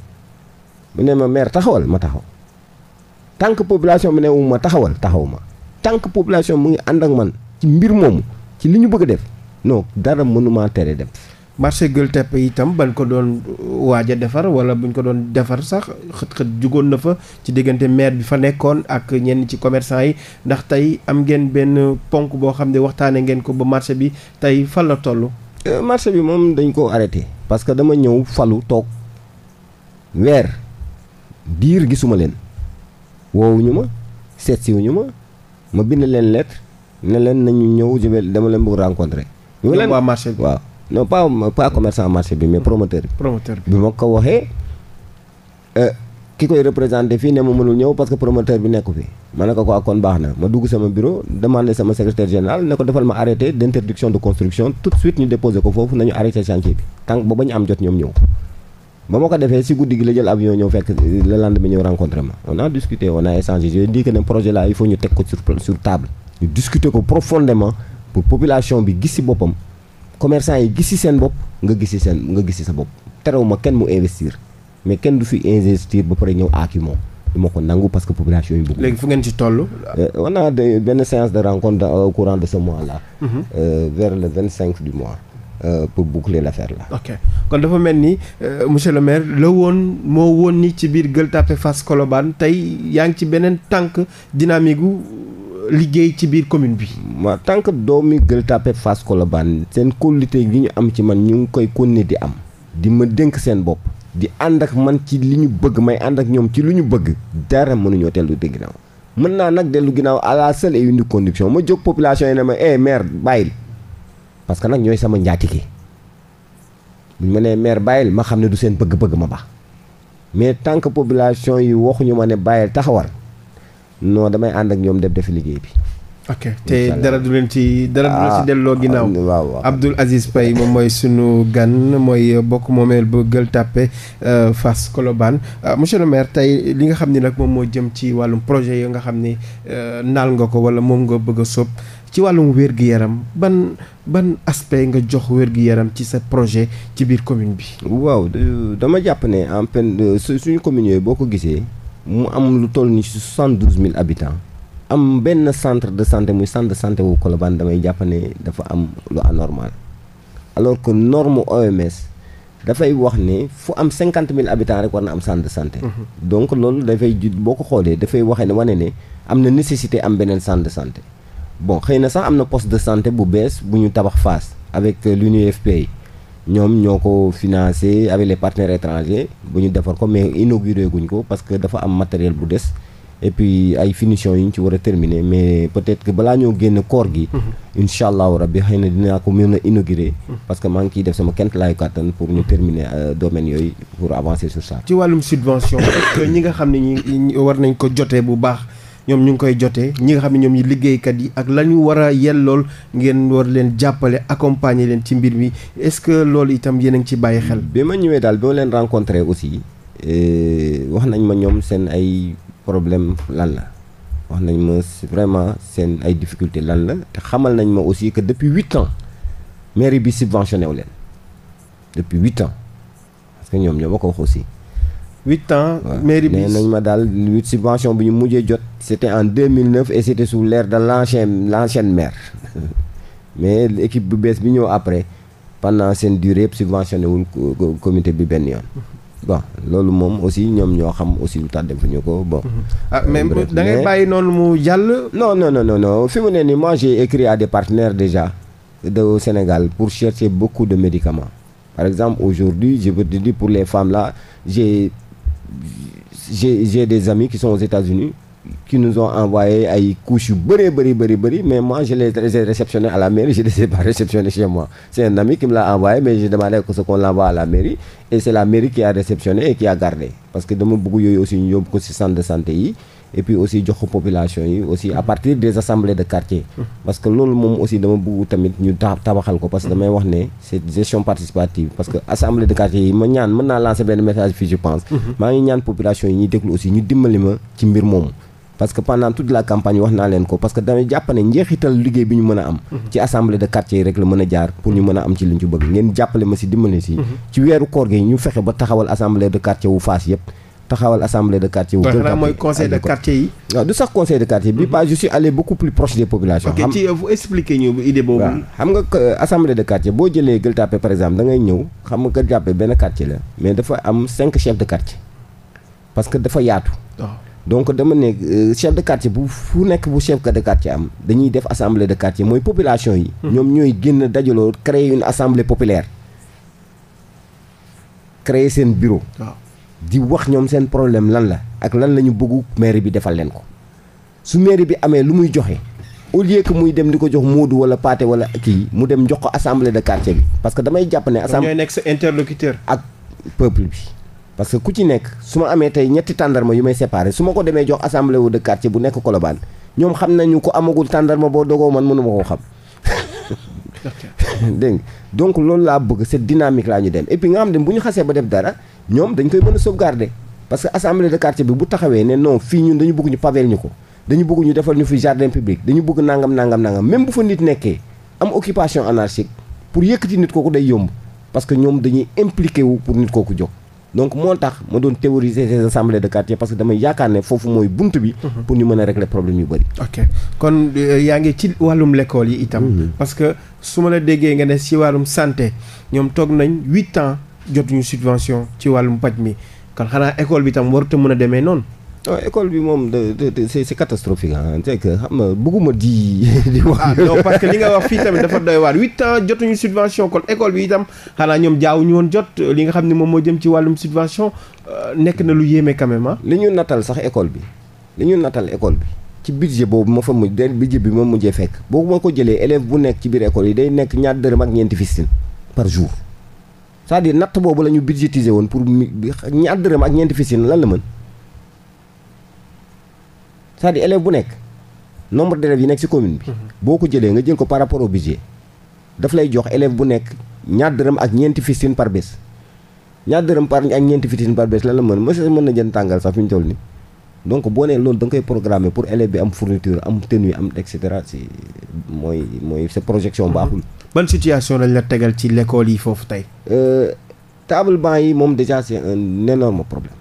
mu ne ma maire taxawal ma taxaw tant que population bi ne wu ma taxawal taxaw ma tant que population mu ngi ànd ak man ci mbir moomu ci li ñu bëgg a def non dara mënuma tere def. marché Gueule Tapée itam bañ ko doon uh, waaj a defar wala buñ ko doon defar sax xët-xët jugoon na fa ci diggante maire bi fa nekkoon ak ñenn ci commerçant yi ndax tey am ngeen benn ponk boo xam ne waxtaanee ngeen ko ba marché bi tey fan la toll. Euh, marché bi moom dañ ko arrêté. parce que dama ñëw falu toog weer diir gisuma leen woowuñu ma seetsiwuñu ma ma bind leen lettre ne leen nañu ñëw jëmee dama leen bëgg rencontrer. ñu leen waa marché bi non pas pas commerçant marché bi mais promoteur bi. promoteur bi bi ma ko waxee euh, ki koy représenté fii ne ma mënul ñëw parce que promoteur bi nekk fi. ma ne ko quoi kon baax na ma dugg sama bureau demandé sama secrétaire général ne ko defal ma arrêté d' interdiction de construction tout de suite ñu déposé ko foofu nañu arrêté chantier bi tant ba ba ñu am jot ñoom ñëw. ba ma ko defee si guddi gi la jël avion ñëw fekk le lendemain ñëw rencontré ma on a discuté on a échangé je dis que ne projet là il ko sur sur pour population bi gis si boppam. commerçant yi gis ci seen bopp nga gis ci seen nga gis ci sa bopp terew ma kenn mu investir mais kenn du fi investir ba pare ñëw aaki du euh, a de euh, mois là mhm. euh, vers le vingt cinq du mois pour boucler l'affaire là. ok kon dafa mel ni monsieur le maire la woon moo woon ni ci biir Gueule Tapée Fass Colobane tey yaa ngi ci beneen tànk dynamique liggéey ci biir commune bi. ma tant que doomi Gueule Tapée Fass Colobane seen kóolute gi ñu am ci man ñu ngi koy konne di am di ma dénk seen bopp di ànd ak man ci li ñu bëgg may ànd ak ñoom ci lu ñu bëgg dara mënuñoo tellu dégg ginnaaw mën naa nag dellu ginnaaw à la seule et condition ma jóg population yi ne ma eh maire bàyyil parce que nag ñooy sama njaatige buñ ma nee maire bàyyil ma xam ne du seen bëgg-bëgg ma baax mais tant que population yi waxuñu ma ne bàyyil taxawal non damay ànd ak ñoom def defi liggéey bi. ok te dara du leen ci dara du leen ci ah, delloo ah, ginnaaw waaw Abdoul Aziz Paye moom mooy suñu gan mooy bokk moomeel bu Gueule Tapée euh, Fass Colobane euh, monsieur le maire tey li nga xam ni nag moom moo jëm ci wàllum projet yoo nga xam ni euh, naal nga ko wala moom nga bëgg a sob ci wàllum wér gi yaram ban ban aspect nga jox wér-gu-yaram ci sa projet ci biir commune bi waaw dama jàpp ne en peine suñu commune yooyu boo ko gisee mu am lu toll ni si soixante douze mille abitant am benn centre de santé muy centre de santé wu Colobane damay jàpp dafa am lu anormal alors que norme OMS dafay wax ne fu am cinquante mille abitant rek war na am centre de santé. Mhm. donc loolu dafay ju boo ko xoolee dafay waxee ne wane ne am na nécessité am beneen centre de santé bon xëy na sax am na poste de santé bu bees bu ñu tabax fas avec euh, l'UNFPA ñoom ñoo ko financé avec les partenaires étrangers bu ñu defar ko mais inauguré guñ ko parce que dafa am matériel bu des et puis ay finition yi ñu ci war a terminer mais peut-être que balaa ñoo génn koor gi. Mhm. incha allahu rabbi xëy na dinaa ko mën a inaugurer. Mhm. parce que maa ngi ciy def sama kent laayu kàttan pour ñu mhm. terminer euh, domaine yooyu pour avancer sur ça. ci wàllum subvention ñi nga xam ne ñi war nañ ko jotee bu baax. ñoom ñu ngi koy jotee ñi nga xam ne ñoom ñi liggéeykat yi ak la ñu war a yellool ngeen war leen jàppale accompagner leen ci mbir mi est-ce que loolu itam yéen a ngi ci bàyyi xel. bi ma ñëwee daal bi ma leen rencontré aussi eh, wax nañ ma ñoom seen ay problème lan la wax nañ ma vraiment seen ay difficulté lan la te xamal nañ ma aussi que depuis huit ans mairie bi subventionné wu leen depuis huit ans parce ñoom ñoom ñoo ma ko wax aussi. huit ans. mairie bi nañ ma daal huit subvention bi ñu mujjee jot. c' était en 2009 et c' était sous de l' ancienne l' maire mais équipe bu bees bi ñëw après pendant seen durée yëpp subventionné ko comité bi benn yoon. bon loolu moom aussi ñoom ñoo xam aussi lu tax defuñu ko bon. ah mais euh, da ngay bàyyi noonu mu jàll. non non non non fi mu ne nii moi écrit à des partenaires déjà de Sénégal pour chercher beaucoup de médicament par exemple aujourd'hui je veux pour les femmes là j'ai j'ai des amis qui sont aux États-Unis qui nous ont envoyé ay couches yu bëree bëri bëri bëri mais je les ai réceptionnés je les ai pas réceptionnés chez moi c'est l'a envoyé mais j'ai demandé que ce qu'on l'envoie à la mairie et c'est a réceptionné et qui a gardé parce que dama bëgg yooyu aussi ñu yóbbu ko ci centre de santé yi et puis aussi jox ko population yi aussi à partir des assemblées de quartier. Hmm. parce que loolu moom aussi dama bëgg tamit ñu tabaxal ko parce que hmm. damay wax ne c'est gestion participative parce que assemblée de quartier yi ma ñaan mën naa lancer benn message fii je pense. Hmm. maa ngi ñaan population yi ñuy déglu aussi ñu dimbali ma ci mbir moomu. parce que pendant toute la campagne wax naa leen ko parce que damay jàpp njeexital liggéey bi ñu mën a am ci assemblée de quartier pour ñu a am ci li ñu ci bëgg ngeen jàppale ma si dimbali si ci weeru ba taxawal assemblée de quartier wu taxawal assemblée de quartier wu. xanaa mooy conseil de quartier yi. waaw du sax conseil de quartier bi mhm. pas je suis allé beaucoup plus proche des populations. Euh, xam nga euh, assemblée de quartier boo jëlee Gueule Tapée par exemple da ñëw xam nga Gueule Tapée benn quartier la mais dafa am cinq chefs de quartier parce que dafa yaatu. Ah. donc dama ne euh, chef de quartier bu fu nekk bu chef de quartier am dañuy def assemblée de quartier mooy population yi. Mhm. ñoom ñooy génn dajaloo créer une assemblée populaire cr seen bureau. Ah. di wax ñoom seen problème lan la ak lan la ñu bëggu mairie bi defal leen ko su mairie bi amee lu muy joxe au lieu que muy dem di ko jox Moodu wala Paate wala kii mu dem jox ko assemble de quartier bi parce que damay jàpp ne. assemblée ñooy nekk sa interlocuteur. ak peuple bi. ku ci nekk su ma amee tey ñetti tàndarma yu may séparé su ma ko demee jox assemble wu de quartier bu nekk Colobane ñoom xam nañu ko amagul tàndarma boo dogoo man mënu ma koo xam. dégg donc loolu laa bëgg cette dynamique laa ñu dem et puis nga xam dem bu ñu xasee ba def dara ñoom dañ koy mën a sauvegarder parce que assemblée de quartier bi bu taxawee ne non fii ñun dañu bëgg ñu pavel ñu ko dañu bëgg ñu defal ñu fi jardin public dañu bëgg nangam nangam nangam même bu fa nit nekkee am occupation anarchique pour yëkkati nit kooku day yomb parce que ñoom dañuy impliqué wu pour nit kooku jóg donc moo tax ma doon théoriser ces assemblées de quartier parce que damay yaakaar ne foofu mooy bunt bi. Mhm. pour ñu mën a régler problème yu bëri. Euh, yaa ngi ci wàllum l'école yi itam. Mhm. parce que su la déggee nga ne si wàllum santé ñoom toog nañ huit ans. jotuñu subvention ci wàllum paj mi kon xanaa école bi tam warut a mën a demee noonu. waaw école bi moom de de c' est catastrophique ah c' est que xam nga bëgguma di di wax. ah non parce que li nga wax fii tamit dafa doy waar huit ans jotuñu subvention kon école bi itam xanaa ñoom jaawuñu woon jot li nga xam ne moom moo jëm ci wàllum subvention euh, nekk na lu yéeme quand même ah. li ñu natal sax école bi li ñu natal école bi. ci budget boobu ma fa mujj den budget bi ma mujjee fekk boobu ma ko jëlee élève bu nekk ci biir école yi day nekk ñaar dërëm ak ñeenti fistin par jour. cest natt boobu la ñu budgétiser woon pour mi ñaar dërëm ak ñeenti fii lan la mën cest à bu nekk nombre d'élèves yi nekk ci commune bi. Mhm. boo ko jëlee nga jël ko par rapport au daf lay jox élève bu nekk ñaar dërëm ak ñeenti fii par bés. ñaar dërëm par ak ñeenti fii par bés lan la mën monsieur mën na jënd tàngal sax fi ñu toll nii. donc boo nee loolu da nga koy pour élève bi am fourniture am tenue am et cetera si mooy mooy sa projection mhm. baaxul. ban situation lañ la tegal ci lekkool yi foofu tey. Euh, table banc yi moom déjà c'est un énorme problème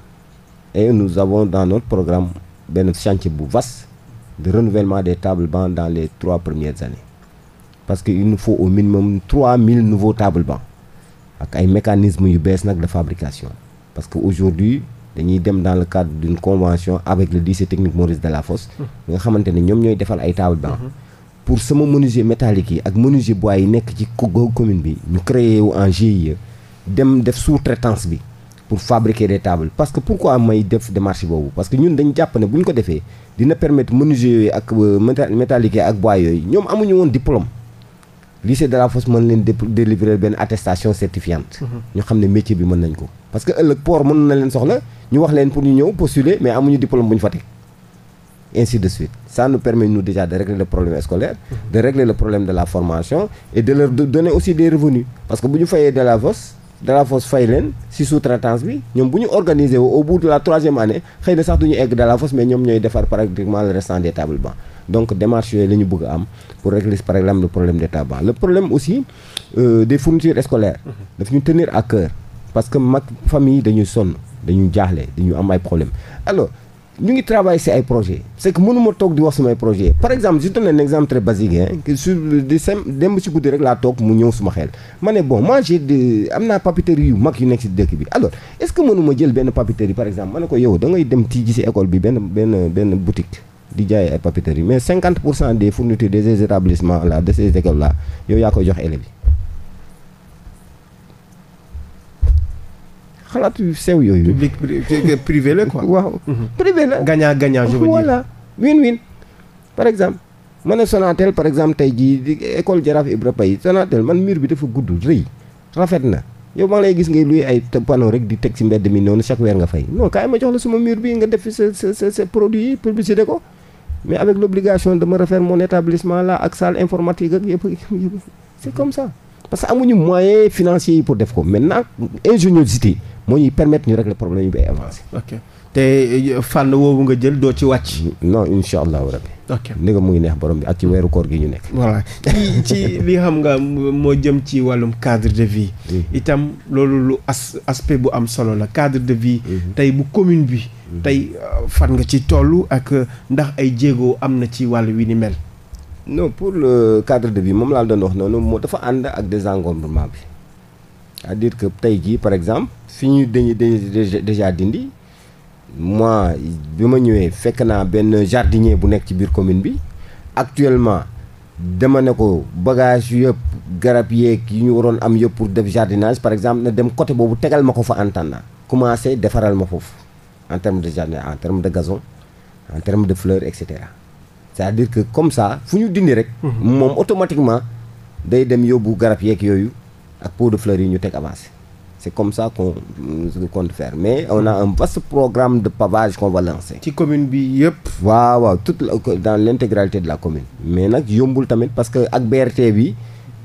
et nous avons dans notre programme benn chantier bu vaste de renouvellement des table bancs dans les trois premières années parce que il nous faut au minimum trois mille nouveau table bancs ak ay mécanismes yu bees nag de fabrication parce que aujourd'hui dañuy dem dans le cadre d'une convention avec le lycée technique Maurice Delafosse nga xamante ne ñoom ñooy defal ay table banc pour sama menuisier métallique yi ak menuisier bois yi nekk ci commune bi ñu créé wu en GIE dem def sous-traitance bi pour fabriquer des tables parce que pourquoi may def démarche boobu parce que ñun dañu jàpp ne bu ñu ko defee dina permettre menuisier yooyu ak euh, métallique yi ak bois yooyu ñoom amuñu woon diplôme lycée de la fosse mën leen délivrer benn attestation certifiante. Mm-hmm. ñu xam ne métier bi mën nañ ko. parce que ëllëg port mën na leen soxla ñu wax leen pour ñu ñëw postuler mais amuñu diplôme bu ñu fa teg ainsi de suite ça nous permet nous déjà de régler le problème scolaire. Mm-hmm. de régler le problème de la formation. et de leur donner aussi des revenus parce que bu ñu fayee de la fosse de la leen si sous-traitance bi ñoom bu ñu organiser wu au bout de la troisième na sax du ñu egg de la fosse mais ñoom ñooy donc démarche yooyu la ñu bëgg am pour régler par exemple le problème de tabac le problème aussi de euh, des fournitures scolaires daf ñu tenir à cœur parce que mag famille dañuy sonn dañuy jaaxle dañu am ay problème alors ñu ngi travailler ci ay projet c'est mënuma toog di wax sumay projet par exemple je donne un exemple très basique hein sem dem si guddi rek laa toog mu ñëw suma xel ma ne bon moi j'ai am naa papeterie yu mag yu nekk ci dëkk bi alors est-ce que mënuma jël benn papeterie par exemple ma ne ko yow da ngay dem tii école bi benn benn benn boutique di jaay ay yi mais 50 pour cent des fournitures de ces établissements là de ces écoles là yow yaa koy jox élèves yi xalaat yu sew yooyu. public privé la quoi. waaw mhm. privé la. gagnant gagnant par exemple man ne Sonatel par exemple tey jii école Jaraaf Ibra Pay Sonatel man miir bi dafa gudd rëy rafet na yow maa lay gis ngay luy ay panneau rek di teg ci mbedd mi noonu chaque weer nga fay non kaay jox la suma miir bi nga def sa sa sa produit publicité ko. mais avec l'obligation de me refaire mon la ak salle informatique ak yëpp c'est comme ça parce que amuñu moyen financier yi pour def ko maintenant ingéniosité moo ñuy permettre ñu régler problème yi bay avancer ok te fànn woowu nga jël doo ci wàcc non incha allahu rabbi ok ni nga muy neex borom bi ak ci weeru koor gi ñu nekk voilà ci ci li xam nga moo jëm ci wàllum cadre de vie itam loolu lu as aspect bu am solo la cadre de vie mhm. tey bu commune bi tey euh, fan nga ci toll ak euh, ndax ay jéegoo am na ci wàll wi ni mel. non pour le cadre de vie moom laa doon wax noonu moo dafa ànd ak désengombrement bi c'est-à-dire que tey jii par exemple fi ñu dañuy déjà dindi moi bi ma ñëwee fekk naa benn jardinier bu nekk ci biir commune bi actuellement dama ne ko bagage yëpp garab yeeg yi ñu waroon am yëpp pour def jardinage par exemple na dem côté boobu tegal ma ko fa en attendant commencé defaral ma foofu. en terme de jardin en termes de gazon en de fleurs et cetera c'est-à-dire que comme ça fu ñu dindi rek. Mhm. moom automatiquement day dem yóbbu garab yeeg yooyu ak pot de fleurs yi ñu teg avancé. c'est comme ça qu'on compte faire mais on a un vaste programme de pavage qu'on va lancer. ci commune bi yëpp. waaw waaw toute la dans l'intégralité de la commune. mais nag yombul tamit parce que ak BRT bi.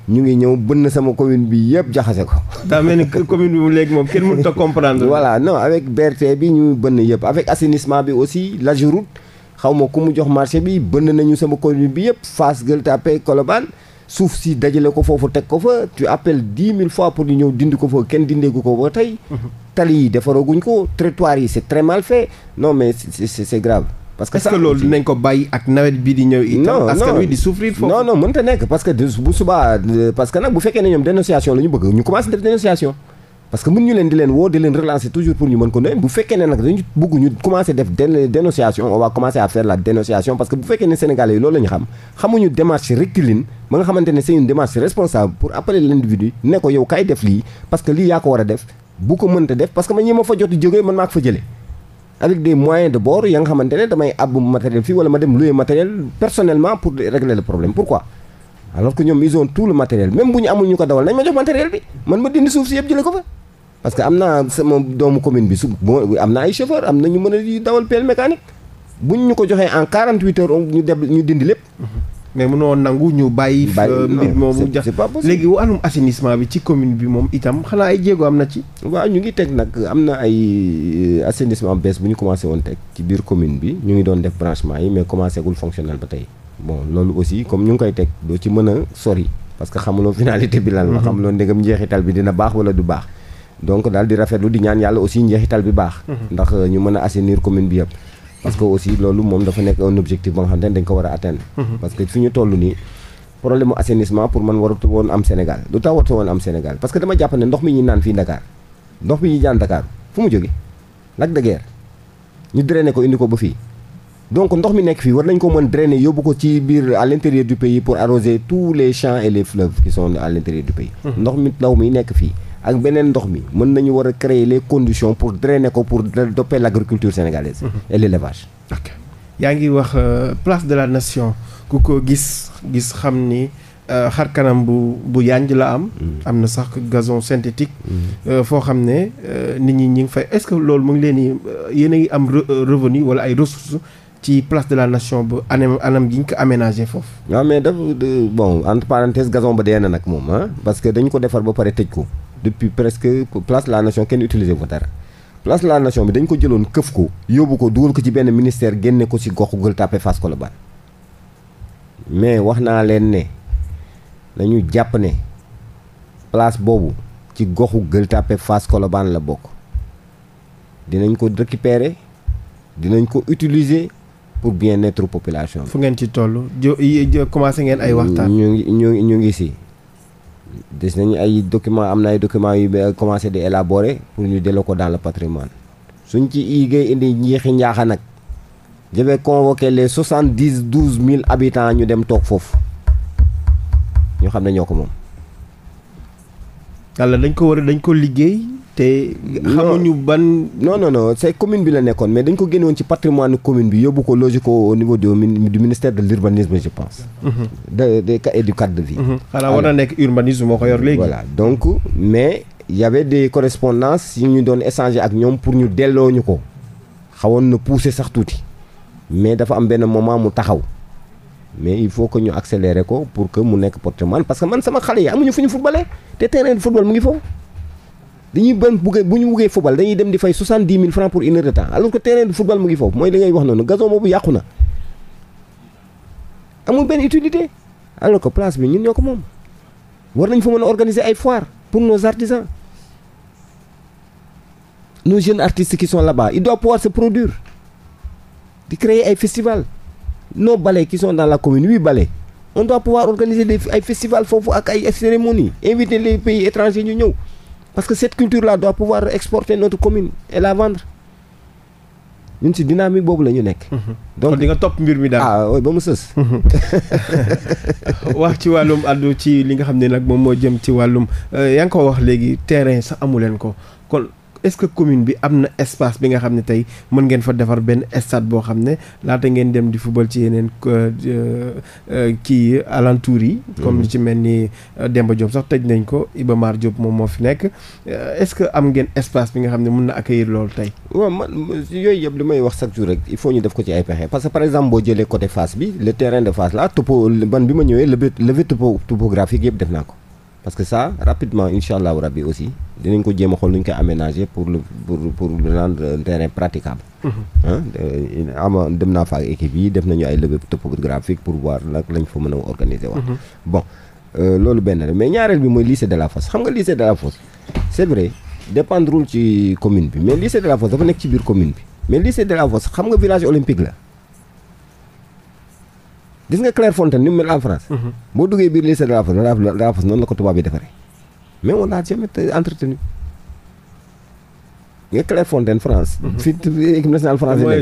ñu ngi ñëw bënn sama commune bi yëpp jaxase ko. daa mel ni commune bi mu léegi moom kenn mënut a comprendre. voilà non avec BRT bi ñu bënn yëpp avec assainissement bi aussi l'AGEROUTE xaw ma ku mu jox marché bi bënn nañu sama commune bi yëpp Fass Gueule Tapée Colobane suuf si dajale ko foofu teg ko fa tu appelles dix mille fois pour ñu ñëw dindi ko fa kenn dindeegu ko ba tey. Mhm. tali yi defaraguñ ko trottoir yi c'est très mal fait non mais c'est c'est grave. parce que est-ce que loolu dinañ ko bàyyi ak nawet bi di ñëw itam askan wi di mënta nekk parce que bu subaa parce que nag bu fekkee ne ñoom dénonciation la ñu bëgg ñu commencé def dénonciation parce que mën ñu leen di leen woo di leen relancer toujours pour ñu mën ko ne bu fekkee ne nag dañu bëgg ñu commencé def dénonciation on va commencer à la dénonciation parce que bu fekkee ne Sénégalais yi loolu la xam xamuñu démarche rectiline ba nga xamante ne c'est une responsable pour appeler l'individu ne ko yow avec des moyens de bord ya xamante ne damay àbb matériel fii wala ma dem louer matériel personnellement pour régler le problème pourquoi alors que ñoom ils tout le matériel même bu ñu amul ñu ko dawal nañ ma jox matériel bi man ma dindi suuf si yëpp jëlee ko fa parce que am naa sama doomu commune bi su am na ay chauffeur am na ñu mën a dawal pelle mécanique buñ ñu ko joxee en 48 heures ñu deb ñu dindi lépp mhm. mais mënoo nangu ñu bàyyi. mbir moomu jax léegi wàllum assainissement bi ci commune bi moom itam xalaa ay jéego am na ci. waaw ñu ngi teg nag am na ay euh, assainissement bees bu ñu commencé woon teg ci biir commune bi ñu ngi doon def branchement yi mais commencé gul fonctionnel ba tey bon loolu aussi comme ñu ngi koy teg doo ci mën a sori parce que xamuloo finalité bi lan la. Mhm. xamuloo ndegam njeexital bi dina baax wala du baax. donc daal di rafetlu di ñaan yàlla aussi njeexital bi baax. Mhm. ndax euh, ñu mën a assainir commune bi yëpp. parce que aussi loolu moom dafa nekk un objectif ba nga xam ne dañ ko war a atteindre. Mhm. parce que suñu toll nii problème mu assainissement pour man waratu woon am Sénégal lu tax waratu woon am Sénégal parce que dama jàpp ne ndox mi ñuy naan fii Dakar ndox mi ñuy jaan Dakar fu mu jógee lac de Guiers ñu drainer ko indi ko ba fii. donc ndox mi nekk fii war nañ ko mën drainer yóbbu ko ci biir à l'intérieur du pays pour arroser tous les champs et les fleuves qui mhm. ndox mi taw mi nekk fii. ak beneen ndox mi mën nañu war a créer les conditions pour drainer ko pour doper l' agriculture sénégalaise. Mhm. et l' élevage. ok yaa ngi wax euh, place de la nation ku ko gis gis xam ni. Euh, xar kanam bu bu yànj la am. Mhm. am na sax gazon synthétique. Mhm. Euh, foo xam ne euh, nit ñi ñi ngi fay est-ce que loolu mu ngi leen di euh, yéen a ngi am re, revenu walla ay ressources ci place de la nation bu anam anam gi ñu ko aménagé foofu. waaw amee daf bon entre parenthèse gazon ba dee na nag moom ah parce que dañu ko defar ba pare tëj ko. depuis presque place la nation kenn utilisé ko dara place la nation bi dañ ko jëloon këf ko yóbbu ko dugal ko ci benn ministère génne ko si gox Gueule Tapée Fass Colobane mais wax naa leen ne nañu jàpp ne place boobu ci goxu Gueule Tapée Fass Colobane la bokk dinañ ko récupérer dinañ ko utiliser pour bien-être population bi. fu ngeen ci toll jo commencé ngeen ay waxtaan. ñu ngi ñu ñu ngi si. des nañu ay documents am na ay documents yu commencé di élaborer pour ñu delloo ko dans le patrimoine suñ ci igéey indi njeexi njaaxa nag je vais les soixante dix douze mille habitants ñu dem toog foofu ñu xam ne ñoo ko moom. yàlla dañ ko dañ ko liggéey. te xamuñu ban non non non commune bi la nekkoon mais dañ ko génne ci patrimoine commune bi yóbbu ko logé ko au niveau du du ministère de l'urbanisme je pense mhm. de de et du de vie mhm. xanaa war na nekk urbanisme moo ko yor léegi donc mais y avait des si ñu doon échanger ak ñoom pour ñu delloo ñu ko xawoon na pousser sax tuuti mais dafa am benn moment mu taxaw mais il faut que ñu accélérer ko pour que mu nekk patrimoine parce que man sama xale yi amuñu fu ñu footballé ngi foofu dañuy ban buggee bu ñu buggee football dañuy dem di fay 70 000 francs pour une heure de temps alors que terrain de football mu ngi foofu mooy li ngay wax noonu gazon boobu yàqu na amul benn utilité alors que place bi ñun ñoo ko moom war nañ fa mën a organiser ay foir pour nos artisans nos jeunes artistes qui sont là-bas ils doivent pouvoir se di créer ay festivals nos bale qui sont dans la commune huit ballets on doit pouvoir organiser des ay festivals ay cérémonies inviter les pays étrangers ñu ñëw parce que cette culture-là doit pouvoir exporter notre commune et la vendre ñun ci dynamique boobu la ñu nekk. Mhm. donc di nga topp mbir mi daal ah ba mu sës. Mhm. wax ci wàllum àddu ci li nga xam ne nag moom moo jëm ci wàllum euh, yaa nga ko wax léegi terrain sax amu leen ko kon. est-ce que commune bi am na espace bi nga xam ne tey mën ngeen fa defar benn stade boo xam ne laata ngeen dem di football ci yeneen euh, euh, kii alentour yi. Mhm. comme lu ci mel ni euh, Demba Diop sax tëj nañ ko Iba Mar Diop moom moo fi nekk est-ce que am ngeen espace bi nga xam ne mën na accueillir loolu tey. waaw man yooyu yëpp li may wax chaque jour rek il faut ñu def ko ci ay pexe parce que par exemple boo jëlee côté Fass bi le terrain de Fass là topo ban bi ma ñëwee levé topo topographique yëpp def naa ko. parce que ça rapidement incha allahu rabbi aussi dinañ ko jéem a xool nu ñu koy aménager pour le pour pour rendre un praticable. Mhm. ama dem naa fa ak équipe yi def nañu ay levée topographique pour voir nag lañ fa mën a organiser wax mhm. bon euh, loolu benn la mais ñaareel bi mooy lycée de la Fosse xam nga lycée de la Fosse c'est vrai dépendrul ci commune bi mais lycée de la Fosse dafa nekk ci biir commune bi mais lycée de la Fosse xam nga village olympique gis nga Clairefontaine ni mu mel en France. Mhm. boo duggee biir lycée de de la France noonu la ko tubaab yi defaree mais on mhm.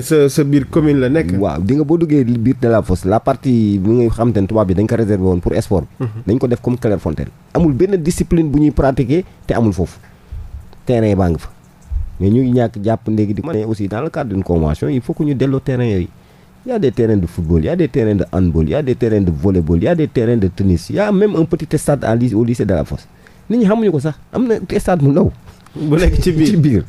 sa sa biir commune la di nga boo duggee biir de la la partie bi nga bi dañ ko réservé woon pour sport mhm. dañ ko def comme Clairefontaine. amul benn discipline bu ñuy pratiquer te amul foofu terrain baa ngi fa mais ñu ngi ñàkk jàpp léegi di. ma ne aussi dans le cadre d'une convention il faut ñu delloo terrain yi Il y a des terrains de football, il y a de handball, il y a de volleyball, il y a de tennis, il y a même un petit de la Fosse. nit ñi xamuñu ko sax am na stade mu ndaw. bu nekk ci biir ci biir.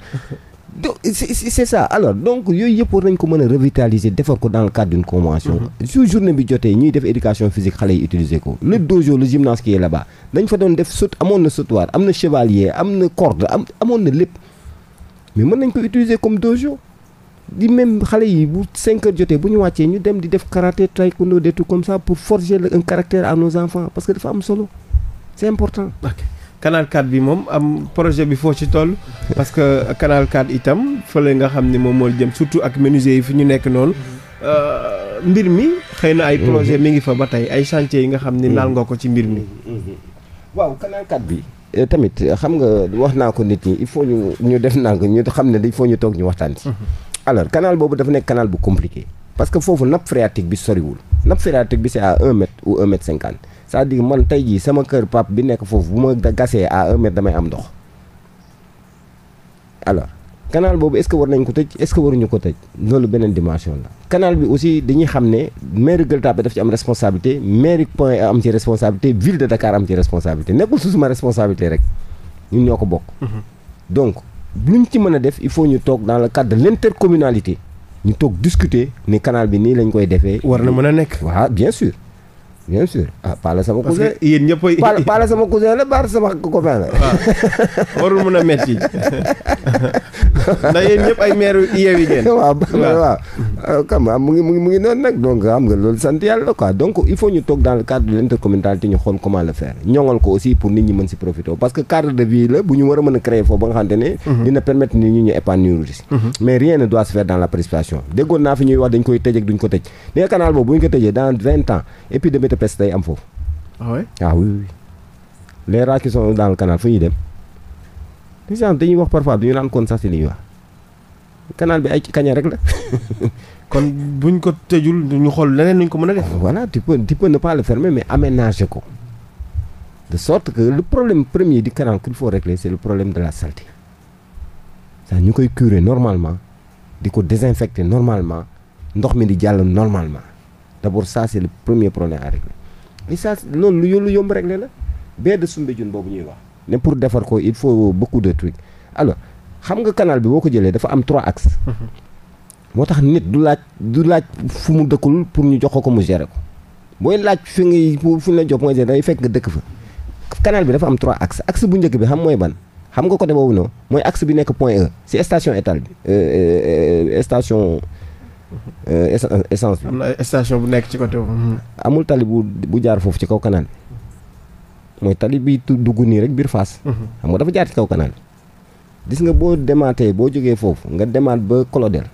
donc c'est ça alors yooyu yëpp war nañ ko mën a revitaliser defar ko dans le cadre d'une convention. Mm-hmm. su journée bi jotee ñuy def éducation physique xale yi utiliser ko. le dojo le gymnase qui est là-bas dañ fa doon def saut amoon na sautoir am na chevalier am na corde am amoon na lépp mën nañ ko utiliser comme dojo. di même xale yi bu 5 heures jotee bu ñu wàccee ñu dem di def karaté taekwondo des trucs comme ça pour forger un caractère à nos enfants parce que dafa am solo c'est important. Okay. canal 4 bi moom am projet bi foo ci toll. parce que canal 4 itam fële nga xam ni moom moo jëm surtout ak menuisier yi fi ñu nekk noonu. Euh, mbir mi xëy na ay projet mi ngi fa ba tey ay chantier yi nga xam ni mm-hmm. laal nga ko ci mbir mi. Mm-hmm. waaw canal bi. Euh, tamit xam nga wax naa ko nit ñi il faut ñu ñu def naa ñu xam ne il faut ñu toog ñu waxtaan alors canal boobu dafa nekk canal bu compliqué parce que foofu nappe phréatique bi soriwul nappe phréatique bi c'est à un mètre ou un mètre cinquante cest à man tey jii sama kër pap bi nekk foofu bu ma gasee à un mètre damay am ndox alors kanaal boobu est war nañ ko tëj est-ce que waruñu ko tëj loolu beneen dimension la canal bi aussi dañuy xam ne mairie Gueule Tapée daf ci am responsabilité mairie Point E am ci responsabilité ville de Dakar am ci responsabilité nekkul su suma responsabilité rek ñoo ko bokk mhm. luñ ci mën a def il faut ñu toog dans le cadre de l'intercommunalité ñu toog discuter ni canal bi nii lañ koy defee. war na mën a nekk. waaw bien sûr. bien sûr ah sama cousin parce que a. sama cousin la Baar la. Ah. waaw warul a métti mu ngi mu ngi noonu nag donc xam nga loolu sant yàlla quoi donc il faut ñu toog dans le cadre de l'intercommunalité ñu xool comment le faire ñoŋal ko aussi pour nit ñi mën si profiter parce que cadre de vie la bu ñu war a mën a foofu ba nga xamante ne. Mhm. dina permettre nit ñi ñu épanouir mhm. mais rien ne doit se faire la précipitation déggoon naa fi ñuy wax dañ koy tëj ak ko tëj. li nga peste day am foofu. ah, ah oui ah oui les rats qui sont fu ñuy dem. li dañuy wax parfois du ñu naan kon sax si li ñuy wax. canal bi ay kaña rek la. kon bu buñ ko tëjul ñu xool leneen nuñ ko mën a def. voilà tu peux tu peux ne pas le fermer mais aménager ko. de sorte que le problème premier du canal qu'il foo régler c'est le problème de la saleté. ñu koy curer normalement di ko désinfecter normalement ndox mi di jàll normalement. d'abord ça c'est le premier problème à régler et ça loolu lu lu yomb régler la baie de Soumbédioune boobu ñuy wax ne pour defar ko il faut beaucoup de trucs alors xam nga kanaal bi boo ko jëlee dafa am trois ak mhm. moo tax nit du laaj du laaj fu mu dëkkul pour ñu jox ko ko mu gérer ko booy laaj fi ngay fu ñu la jox mooy day fekk nga dëkk fa canal bi dafa am trois axes axe bu njëkk bi xam mooy ban xam nga côté boobu noo mooy axe bi nekk point E si station état bi euh, euh, euh, station Euh, essence euh, essence bi. nekk ci côté hmm. amul tali bu jaar foofu ci kaw canal bi mooy tali bi dugg nii rek biir Fass. Hmm. xam nga dafa jaar ci kaw canal bi. nga boo demaatee boo jógee foofu nga demaat ba Colodel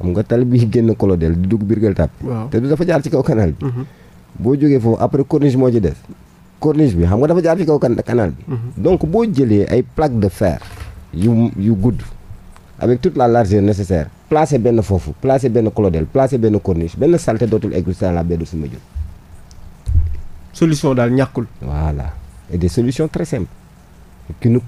xam nga tali bi génn Colodel di dugg biir Gueule Tapée. waaw te dafa jaar ci kaw canal hmm. après corniche moo ci des. corniche bi xam nga dafa jaar ci kaw canal bi. donc boo jëlee ay plaque de fer yu yu gudd avec toute la largeur nécessaire. placé benn foofu placé benn clodel placé benn corniche benn salte dootul exister à la baie de Soumbédioune solution daal ñàkkul voilà et des solutions très simples qui ne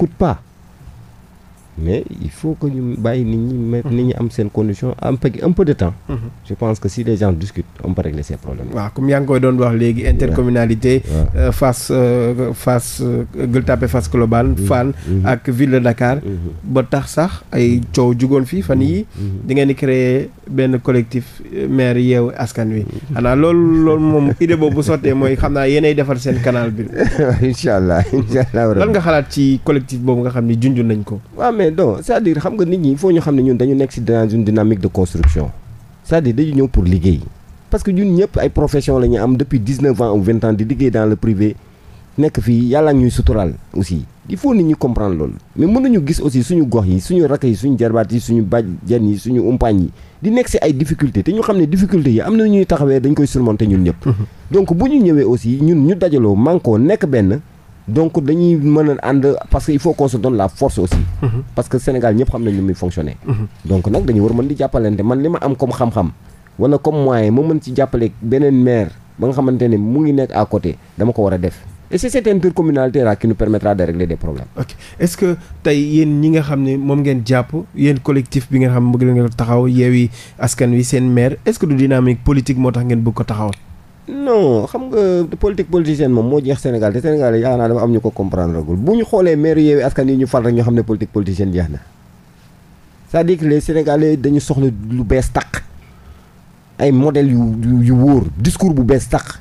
mais il faut que ñu bàyyi nit ñi mais mhm. nit ñi am seen condition am un peu de temps mhm. je pense que si les gens discutent on peut régler ces problèmes waaw comme yaa ngi koy doon wax léegi intercommunalité Fass euh, Fass euh, euh, Gueule Tapée Fass mhm. ak ville de Dakar ba tax sax ay coow jugoon fii fan yi di ngeen di créer benn collectif maire yeewu askan wi xanaa loolu loolu moom idée boobu bu sottee mooy xam naa yeneey defar seen kanaal bi incha allah incha allah lan nga xalaat ci collectif boobu nga xam ni junj nañ ko mais non c'est-à-dire xam nga nit ñi il ñu xam ne ñun dañu nekk si dans une dynamique de construction c'est-à-dire dañu ñëw pour liggéey parce que ñun ñëpp ay profession la ñu am depuis 19 ans ou 20 ans di liggéey dans la privé nekk fii yàlla ñuy suturaal aussi il faut nit ñi comprendre loolu mais mën gis aussi suñu gox yi suñu rakk yi suñu jarbaat yi suñu bàjjan yi suñu umpaañ yi di nekk si ay difficulté te ñu xam ne difficulté yi am na ñuy taxawee dañ koy surmonter ñun ñëpp mm-hmm. donc bu ñu ñëwee aussi ñun ñu dajaloo manko nekk benn donc dañuy mën a ànd parce que il faut qu'on la force aussi. Mhm. parce que Sénégal ñëpp xam nañ ni muy fonctionner. Mhm. donc nag dañu war mën di jàppalante man li ma am comme xam-xam wala comme moyen ma mën ci jàppale beneen maire ba nga xamante ne mu ngi nekk à côté dama ko war a def. et c'est cette intercommunalité là qui nous permettra de régler des problèmes. ok est-ce que ñi nga xam ne moom ngeen jàpp yéen collectif bi nga xam bëgg ngeen ko taxaw yeewi askan wi seen maire est-ce que du dynamique politique non xam nga politique politicienne moom moo jeex Sénégal te Sénégal yaakaar naa dama am ñu ko comprendre agul bu ñu xoolee maire yeewi askan yi ñu fal rek ñoo xam ne politique politicienne jeex na c'est-à-dire que les Sénégalais dañu soxla lu bees tàq ay modèle yu yu wóor discours bu bees tàq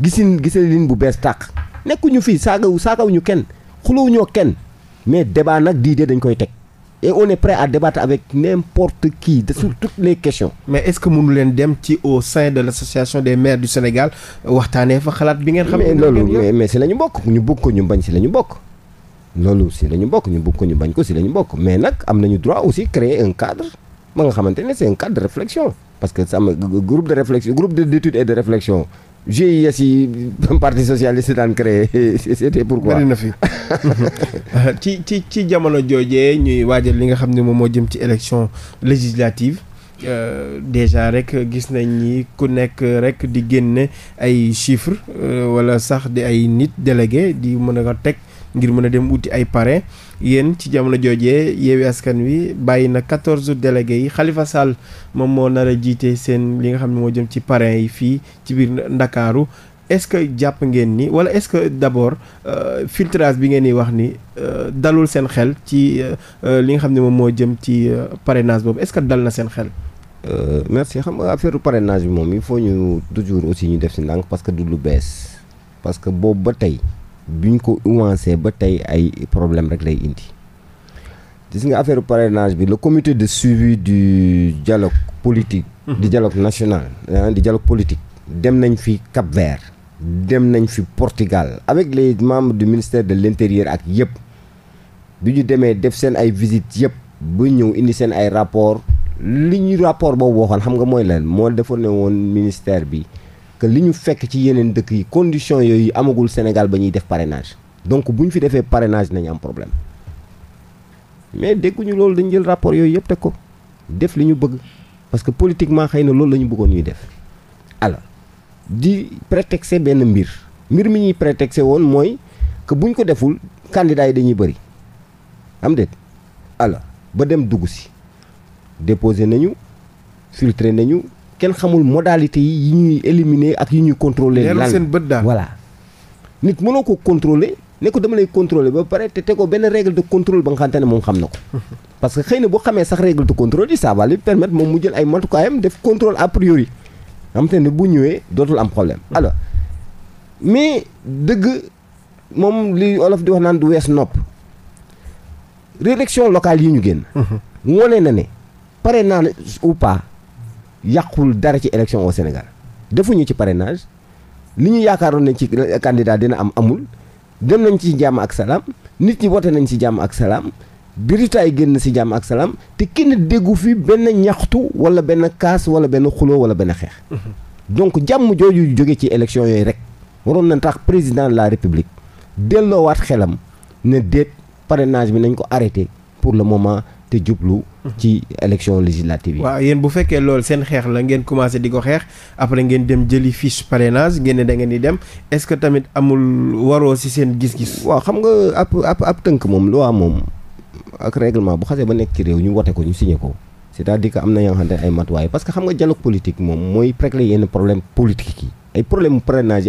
gisin gisalin bu bees tàq nekkuñu fii saagaw saagaw ñu kenn ñoo kenn mais débat nag diidee dañ koy teg et on est prêt à débattre avec n'importe qui de sur mhm. tout les questions. mais est-ce que leen dem ci au sein de l'association des maires du Sénégal waxtaanee fa xalaat bi ngeen. xam ne loolu mais si la ñu bokk ñu bëgg ko ñu bañ si la ñu bokk. loolu si la ñu bokk ñu bëgg ko ñu bañ ko si la ñu bokk mais nag am nañu droit aussi créer un cadre ba nga xamante ne c'est un cadre de réflexion parce que sama groupe de réflexion groupe d'étude et de réflexion GIS yi parti socialiste daan créé c'était pourquoi bëri na fi ci ci ci jamono joojee ñuy waajal li nga xam ne moom moo jëm ci élection législative Euh, déjà rek gis nañ ni ku nekk rek di génne ay chiffres euh, wala sax di ay nit délégué di mën a ko teg ngir mën a dem wuti ay parrain yéen ci jamono joojee yeewi askan wi bàyyi na quatorze délégués yi xalifa Sall moom moo nar a jiite seen li nga xam ne moo jëm ci parrain yi fii ci biir Ndakaaru est-ce que jàpp ngeen ni walla est-ce que d'abord euh, filtrage bi ngeen di wax ni euh, dalul seen xel ci euh, euh li nga xam ne moom moo jëm ci euh, parrainage boobu est-ce que dal na seen xel. Euh, merci xam nga affaire parrainage bi moom il faut ñu toujours aussi ñu def si ndànk parce que du lu bees parce que boobu ba tey. biñ ko avancé ba tey ay problème rek lay indi gis nga affaire parrainage bi le comité de suivi du dialogue politique mhm. di dialogue national du dialogue politique dem nañ fi Cap Vert dem nañ fi portigal avec les membres di ministère de l'intérieur ak yëpp bi ñu demee def seen ay visites yëpp ba ñëw indi seen ay rapport li ñu rapport boobu waxoon xam nga mooy lan moo defoon ne woon ministère bi li ñu fekk ci yeneen dëkk yi condition yooyu amagul Sénégal ba ñuy def parrainage donc bu ñu fi defee parrainage nañu am problème mais dégguñu loolu dañu jël rapport yooyu yëpp teg ko def li ñu bëgg parce que politiquement xëy na loolu la ñu bëggoon ñuy def alors di prétexte benn mbir mbir mi ñuy prétexte woon mooy que buñ ko deful candidats yi dañuy bëri am déet ba dem dugg si déposé nañu kenn xamul modalité yi yi ñuy éliminer ak yi ñuy contrôler lan seen bët daal voilà nit mënoo ko contrôler ne ko dama lay contrôler ba pare te tegoo benn règle de contrôle ba nga xamante ne moom xam na ko parce que xëy na boo xamee sax règle de contrôle yi ça va lui moom mu jël ay matukaayam def contrôle a priori xam te ne bu ñëwee dootul am problème hmm. alors mais dëgg moom li olof di wax naan du wees nopp réélection locale yi ñu génn hmm. wone na ne yàqul dara ci élection au Sénégal defuñu ci parrainage li ñu yaakaaroon nañ ci candidat dina am amul dem nañ ci jàmm ak salaam nit ñi wote nañ ci jàmm ak salaam biritaay génn ci jàmm ak salaam te kenn déggu fi benn ñaxtu wala benn kaas wala benn xuloo wala benn xeex. donc jàmm jooju jóge ci élection yooyu rek waroon na tax président la république delloowaat xelam ne déet parrainage bi nañ ko arrêté pour le moment. te jublu. ci élection législative yi. waaw yéen bu fekkee loolu seen xeex la ngeen commencé di ko xeex après ngeen dem jëli fiche parrainage ngeen ne da di dem est-ce que tamit amul waroo ci seen gis-gis. waaw xam nga ab ab ab tënk moom loi moom ak règlement bu xasee ba nekk réew ñu wote ko ñu signé ko. c'est-à-dire que am na yoo xamante ay matuwaay parce que xam nga dialogue politique moom mooy régler yenn problème politique yi ay problème parrainage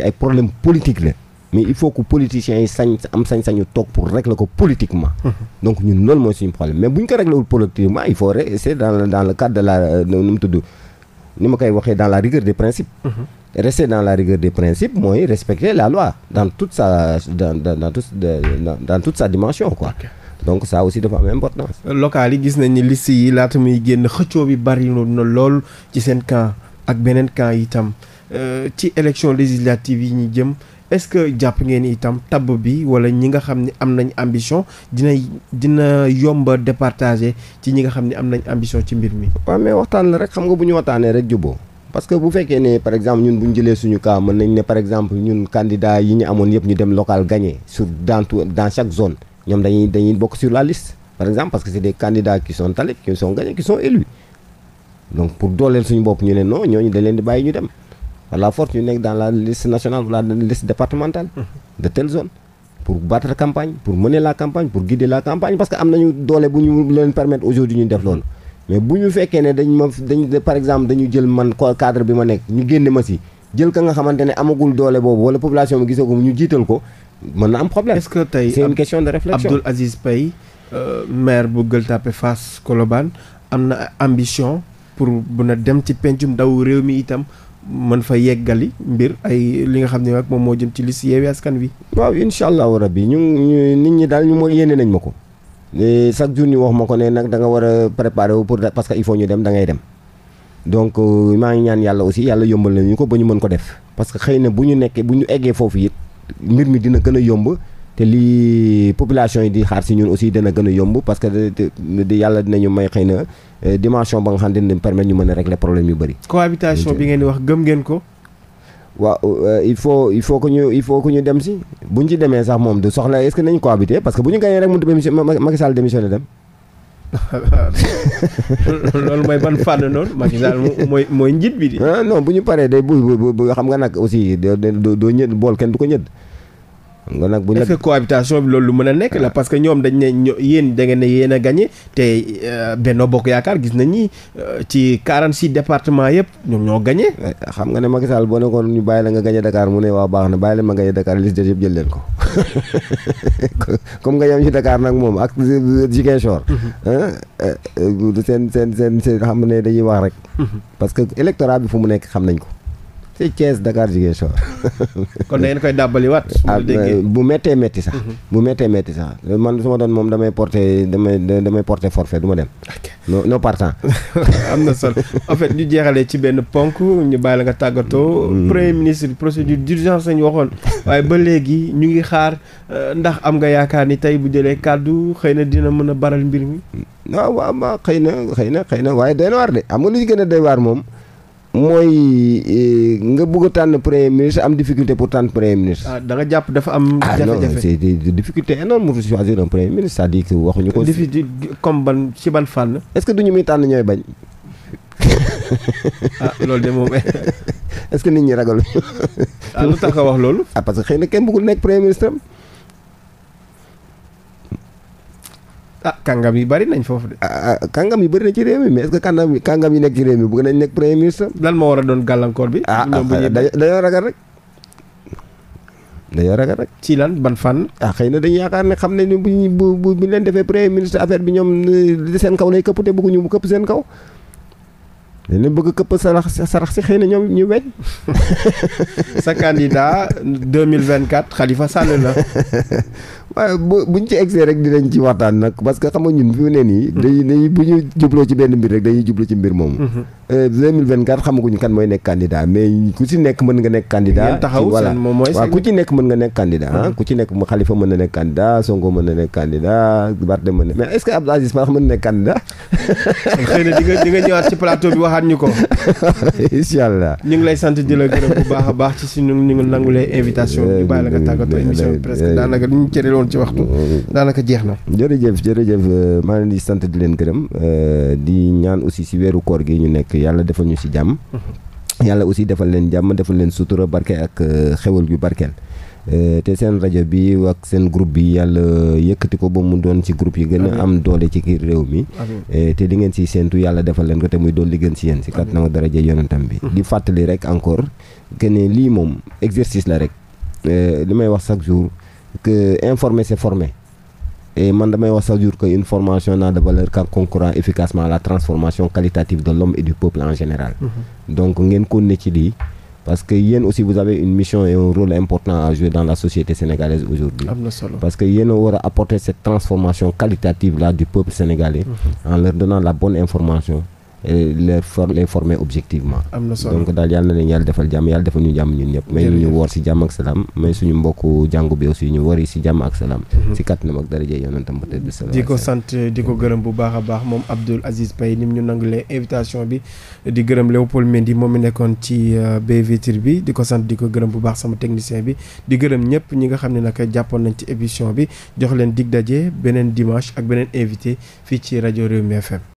la. mais il faut que politiciens yi sañ am sañ-sañu toog pour régler ko politiquement. Mhm. donc ñun loolu mooy suñu problème mais bu ñu ko réglé wul politiquement il faut rester dans dans le de la euh, nu mu tudd ni ma koy waxee dans la rigueur des principes. Mhm. rester dans la rigueur des principes mooy respecter la loi dans toute sa dans dans dans toute dans, dans toute sa dimension quoi. Okay. donc ça aussi dafa am importance. local yi gis nañ ni yi laata muy génn xëccoo bi bari na lool ci seen camp ak beneen euh, yi ñu jëm. est-ce que jàpp ngeen itam tabb bi wala ñi nga xam ne am nañu ambition dina dina yomba départager ci ñi nga xam ni am nañ ambition ci mbir mi. waaw mais waxtaan la rek xam nga bu ñu waxtaanee rek juboo parce que bu fekkee ne par exemple ñun bu ñu jëlee suñu cas mën nañ ne par exemple ñun candidat yi ñu amoon yëpp ñu dem local gagné sur dans tout dans chaque zone ñoom dañuy dañuy bokk sur la liste par exemple parce que c'est des candidats qui sont talés qui sont gagnés qui sont pour dooleel suñu bopp ñu ne non ñooñu dañ di bàyyi ñu dem. la force ñu nekk dans la liste nationale wala la liste départementale de telle pour battre campagne pour mener la campagne pour guider la campagne parce que am nañu doole bu ñu leen ne dañ ma dañ par exemple dañu jël man cadre bi ma nekk ñu génne ma si jël ka nga xamante ne amagul doole boobu wala population bi gisoo ko ñu jiital ko mën na am problème. est-ce que tey c'est une question de réflexion Abdoul Aziz Paye euh, maire bu Gueule Tapée Fass Colobane am na ambition pour bu na dem ci pencum ndaw réew mi itam. man fa yeggali mbir ay li nga xam ne nag moom moo jëm ci liste Yewwi Askan Wi. waaw incha allahu rabbi ñu nit ñi daal ñu ma yéene nañ ma ko. chaque jour ñu wax ma ko ne nag da nga war a préparer wu pour parce que il faut ñu dem da ngay dem. donc euh, maa ngi ñaan yàlla aussi yàlla yombal nañu ko ba ñu mën ko def parce que xëy na bu ñu nekkee bu ñu eggee foofu it mbir mi dina gën a yomb. te lii population yi di xaar si ñun aussi dana gën a yomb parce que di yàlla dinañu may xëy na eh, dimension ba nga xam ne dinañ permettre ñu mën a régler problème yu bëri. cohabitation bi ngeen di wax gëm ngeen ko. waaw euh, il faut il faut que ñu il faut que ñu dem si bu ñu demee sax moom du soxla est-ce que nañ parce que bu ñu gañee rek mënut démission Macky Sall démissionné dem. loolu mooy ban fànn noonu Macky mooy mooy njiit bi di. Ah, bu ñu paree day bu bu xam nga nag aussi doo doo ñëdd bool kenn du ko ñëdd. xam nga nag bu ñu est bi loolu lu mën a nekk la ah. parce que ñoom dañ ne ño yéen da ngeen ne yéen a te euh, Benno Bokk Yaakaar gis nañ ni euh, ci 46 départements yëpp ñoom ñoo gagné. xam nga ne Macky Sall boo nekkoon ñu bàyyi la nga gagné Dakar mu ne waa baax na bàyyi la ma gagné Dakar liste yëpp jël leen ko comme nga yem ci Dakar nag moom ak Ziguinchor. Mm-hmm. Ah, euh, seen seen xam ne dañuy wax rek. Mm-hmm. parce que électorat bi fu mu nekk xam nañ ko. ci Thiès Dakar Ziguinchor. kon da ngeen koy dàbbaliwaat. Ah, euh, bu méttee métti sax. Mhm. bu méttee métti sax man su doon moom damay porté damay damay porté forfait du ma dem. no no am na solo en fait ñu jeexalee ci benn ponk ñu bàyyi la nga tàggatoo. Mm. premier ministre procédure d'urgence lañu waxoon waaye ba léegi ñu ngi xaar euh, ndax am nga yaakaar ni tey bu jëlee kàddu xëy na dina mën a baral mbir mi. Ah, waaw waaw xëy na xëy na xëy na waaye doy na waar de am nga lu ñu gën a doy waar moom. mooy eh, nga bëgg a tànn premier ministre am difficulté pour tànn premier ministre. ah da jàpp dafa am. jafe-jafe ah non c'est des difficultés énormes pour choisir un premier ministre c'est-à-dire waxuñu ko. comme ban ci ban fànn. est-ce que du ñu muy tànn ñooy bañ. ah loolu de moom est-ce que nit ñi ragal. ah lu wax loolu. ah parce que xëy na kenn bëggul nekk premier ministre ah kàngam yi bari nañ foofu de. Ah, ah, kàngam yi bari na ci réew mi mais est-ce que kàngam yi kàngam yi nekk ci réew mi bëgg nañ nekk premier ministre. lan moo war a doon gàllankoor bi. ah, ah dañoo ragal rek. dañoo ragal rek. ci lan ban fan. ah xëy na dañu yaakaar ne xam nañ ne bu bu bu bu leen defee premier ministre affaire bi ñoom eh, seen kaw lay këpp te bëgguñu mu këpp seen kaw. dañu bëgg këpp sarax sarax si xëy na ñoom ñu weñ sa candidat 2024 Khalifa Sall la. waaye bu buñ ci egsee rek dinañ ci waxtaan nag parce que xam nga ñun fi mu ne nii. Hmm. dañuy dañuy bu ñu jubloo ci benn mbir rek dañuy jublu ci mbir moomu. 2024 hmm. hmm. euh, xamaguñu kan mooy nekk candidat mais ku ci nekk mën nga nekk candidat. taxaw seen moom mooy waaw ku ci nekk mën nga nekk candidat. ku ci nekk mu Khalifa mën na nekk candidat Sonko mën na nekk candidat Barthe mën na mais est-ce que mën na nekk candidat. xëy ñëwaat ci plateau bi waxaat ñu ko. incha allah. ñu ngi lay sant di la gërëm bu baax baax ci suñu ñu ngi invitation. bi presque woon ci waxtu daanaka jeex na jërëjëf jërëjëf euh, maa leen di sant di leen gërëm euh, di ñaan aussi si weeru koor gi ñu nekk yàlla defal ñu si jàmm mhm. yàlla aussi defal leen jàmm defal leen sutura barke ak euh, xewal yu barkeel te seen rajo bi ak seen groupe bi yàlla yëkkati ko ba mu doon ci groupe yi gën a am doole ci kii réew mi te li ngeen si séentu yàlla defal leen ko te muy doon li gën si yéen si kat na ma daraja yonentam bi mhm. di fàttali rek encore que ne lii moom exercice la rek li may wax chaque jour que informer c'est former et man damay wax chaque jour que une formation efficacement la transformation qualitative de l'homme et du peuple en général mm-hmm. donc ngeen kon ne parce que yéen aussi vous avez une mission et un rôle important à jouer dans la société sénégalaise aujourd'hui parce que yéen a war a apporter cette transformation qualitative là du peuple sénégalais mm-hmm. en leur donnant la bonne information les for les former objectivement. na solo donc daal yàlla na leen yàlla defal jàmm yàlla defal ñu jàmm ñun ñëpp. may ñu woor si jàmm ak salaam may suñu mbokk jàngu bi aussi ñu wari si jàmm ak salaam. Mhm. si kàttanam ak daraja yonentam ba tëdd salaam. di ko sant di ko gërëm bu baax a baax moom Abdoul Aziz Paye ni mu ñu nangulee invitation bi di gërëm Léopold Mendy moom mi nekkoon ci euh, baie vitre bi di ko sant di ko gërëm bu baax sama technicien bi di gërëm ñëpp ñi nga xam ne nag jàppoon nañ ci émission bi jox leen dig daje beneen dimanche ak beneen invité fii ci rajo FM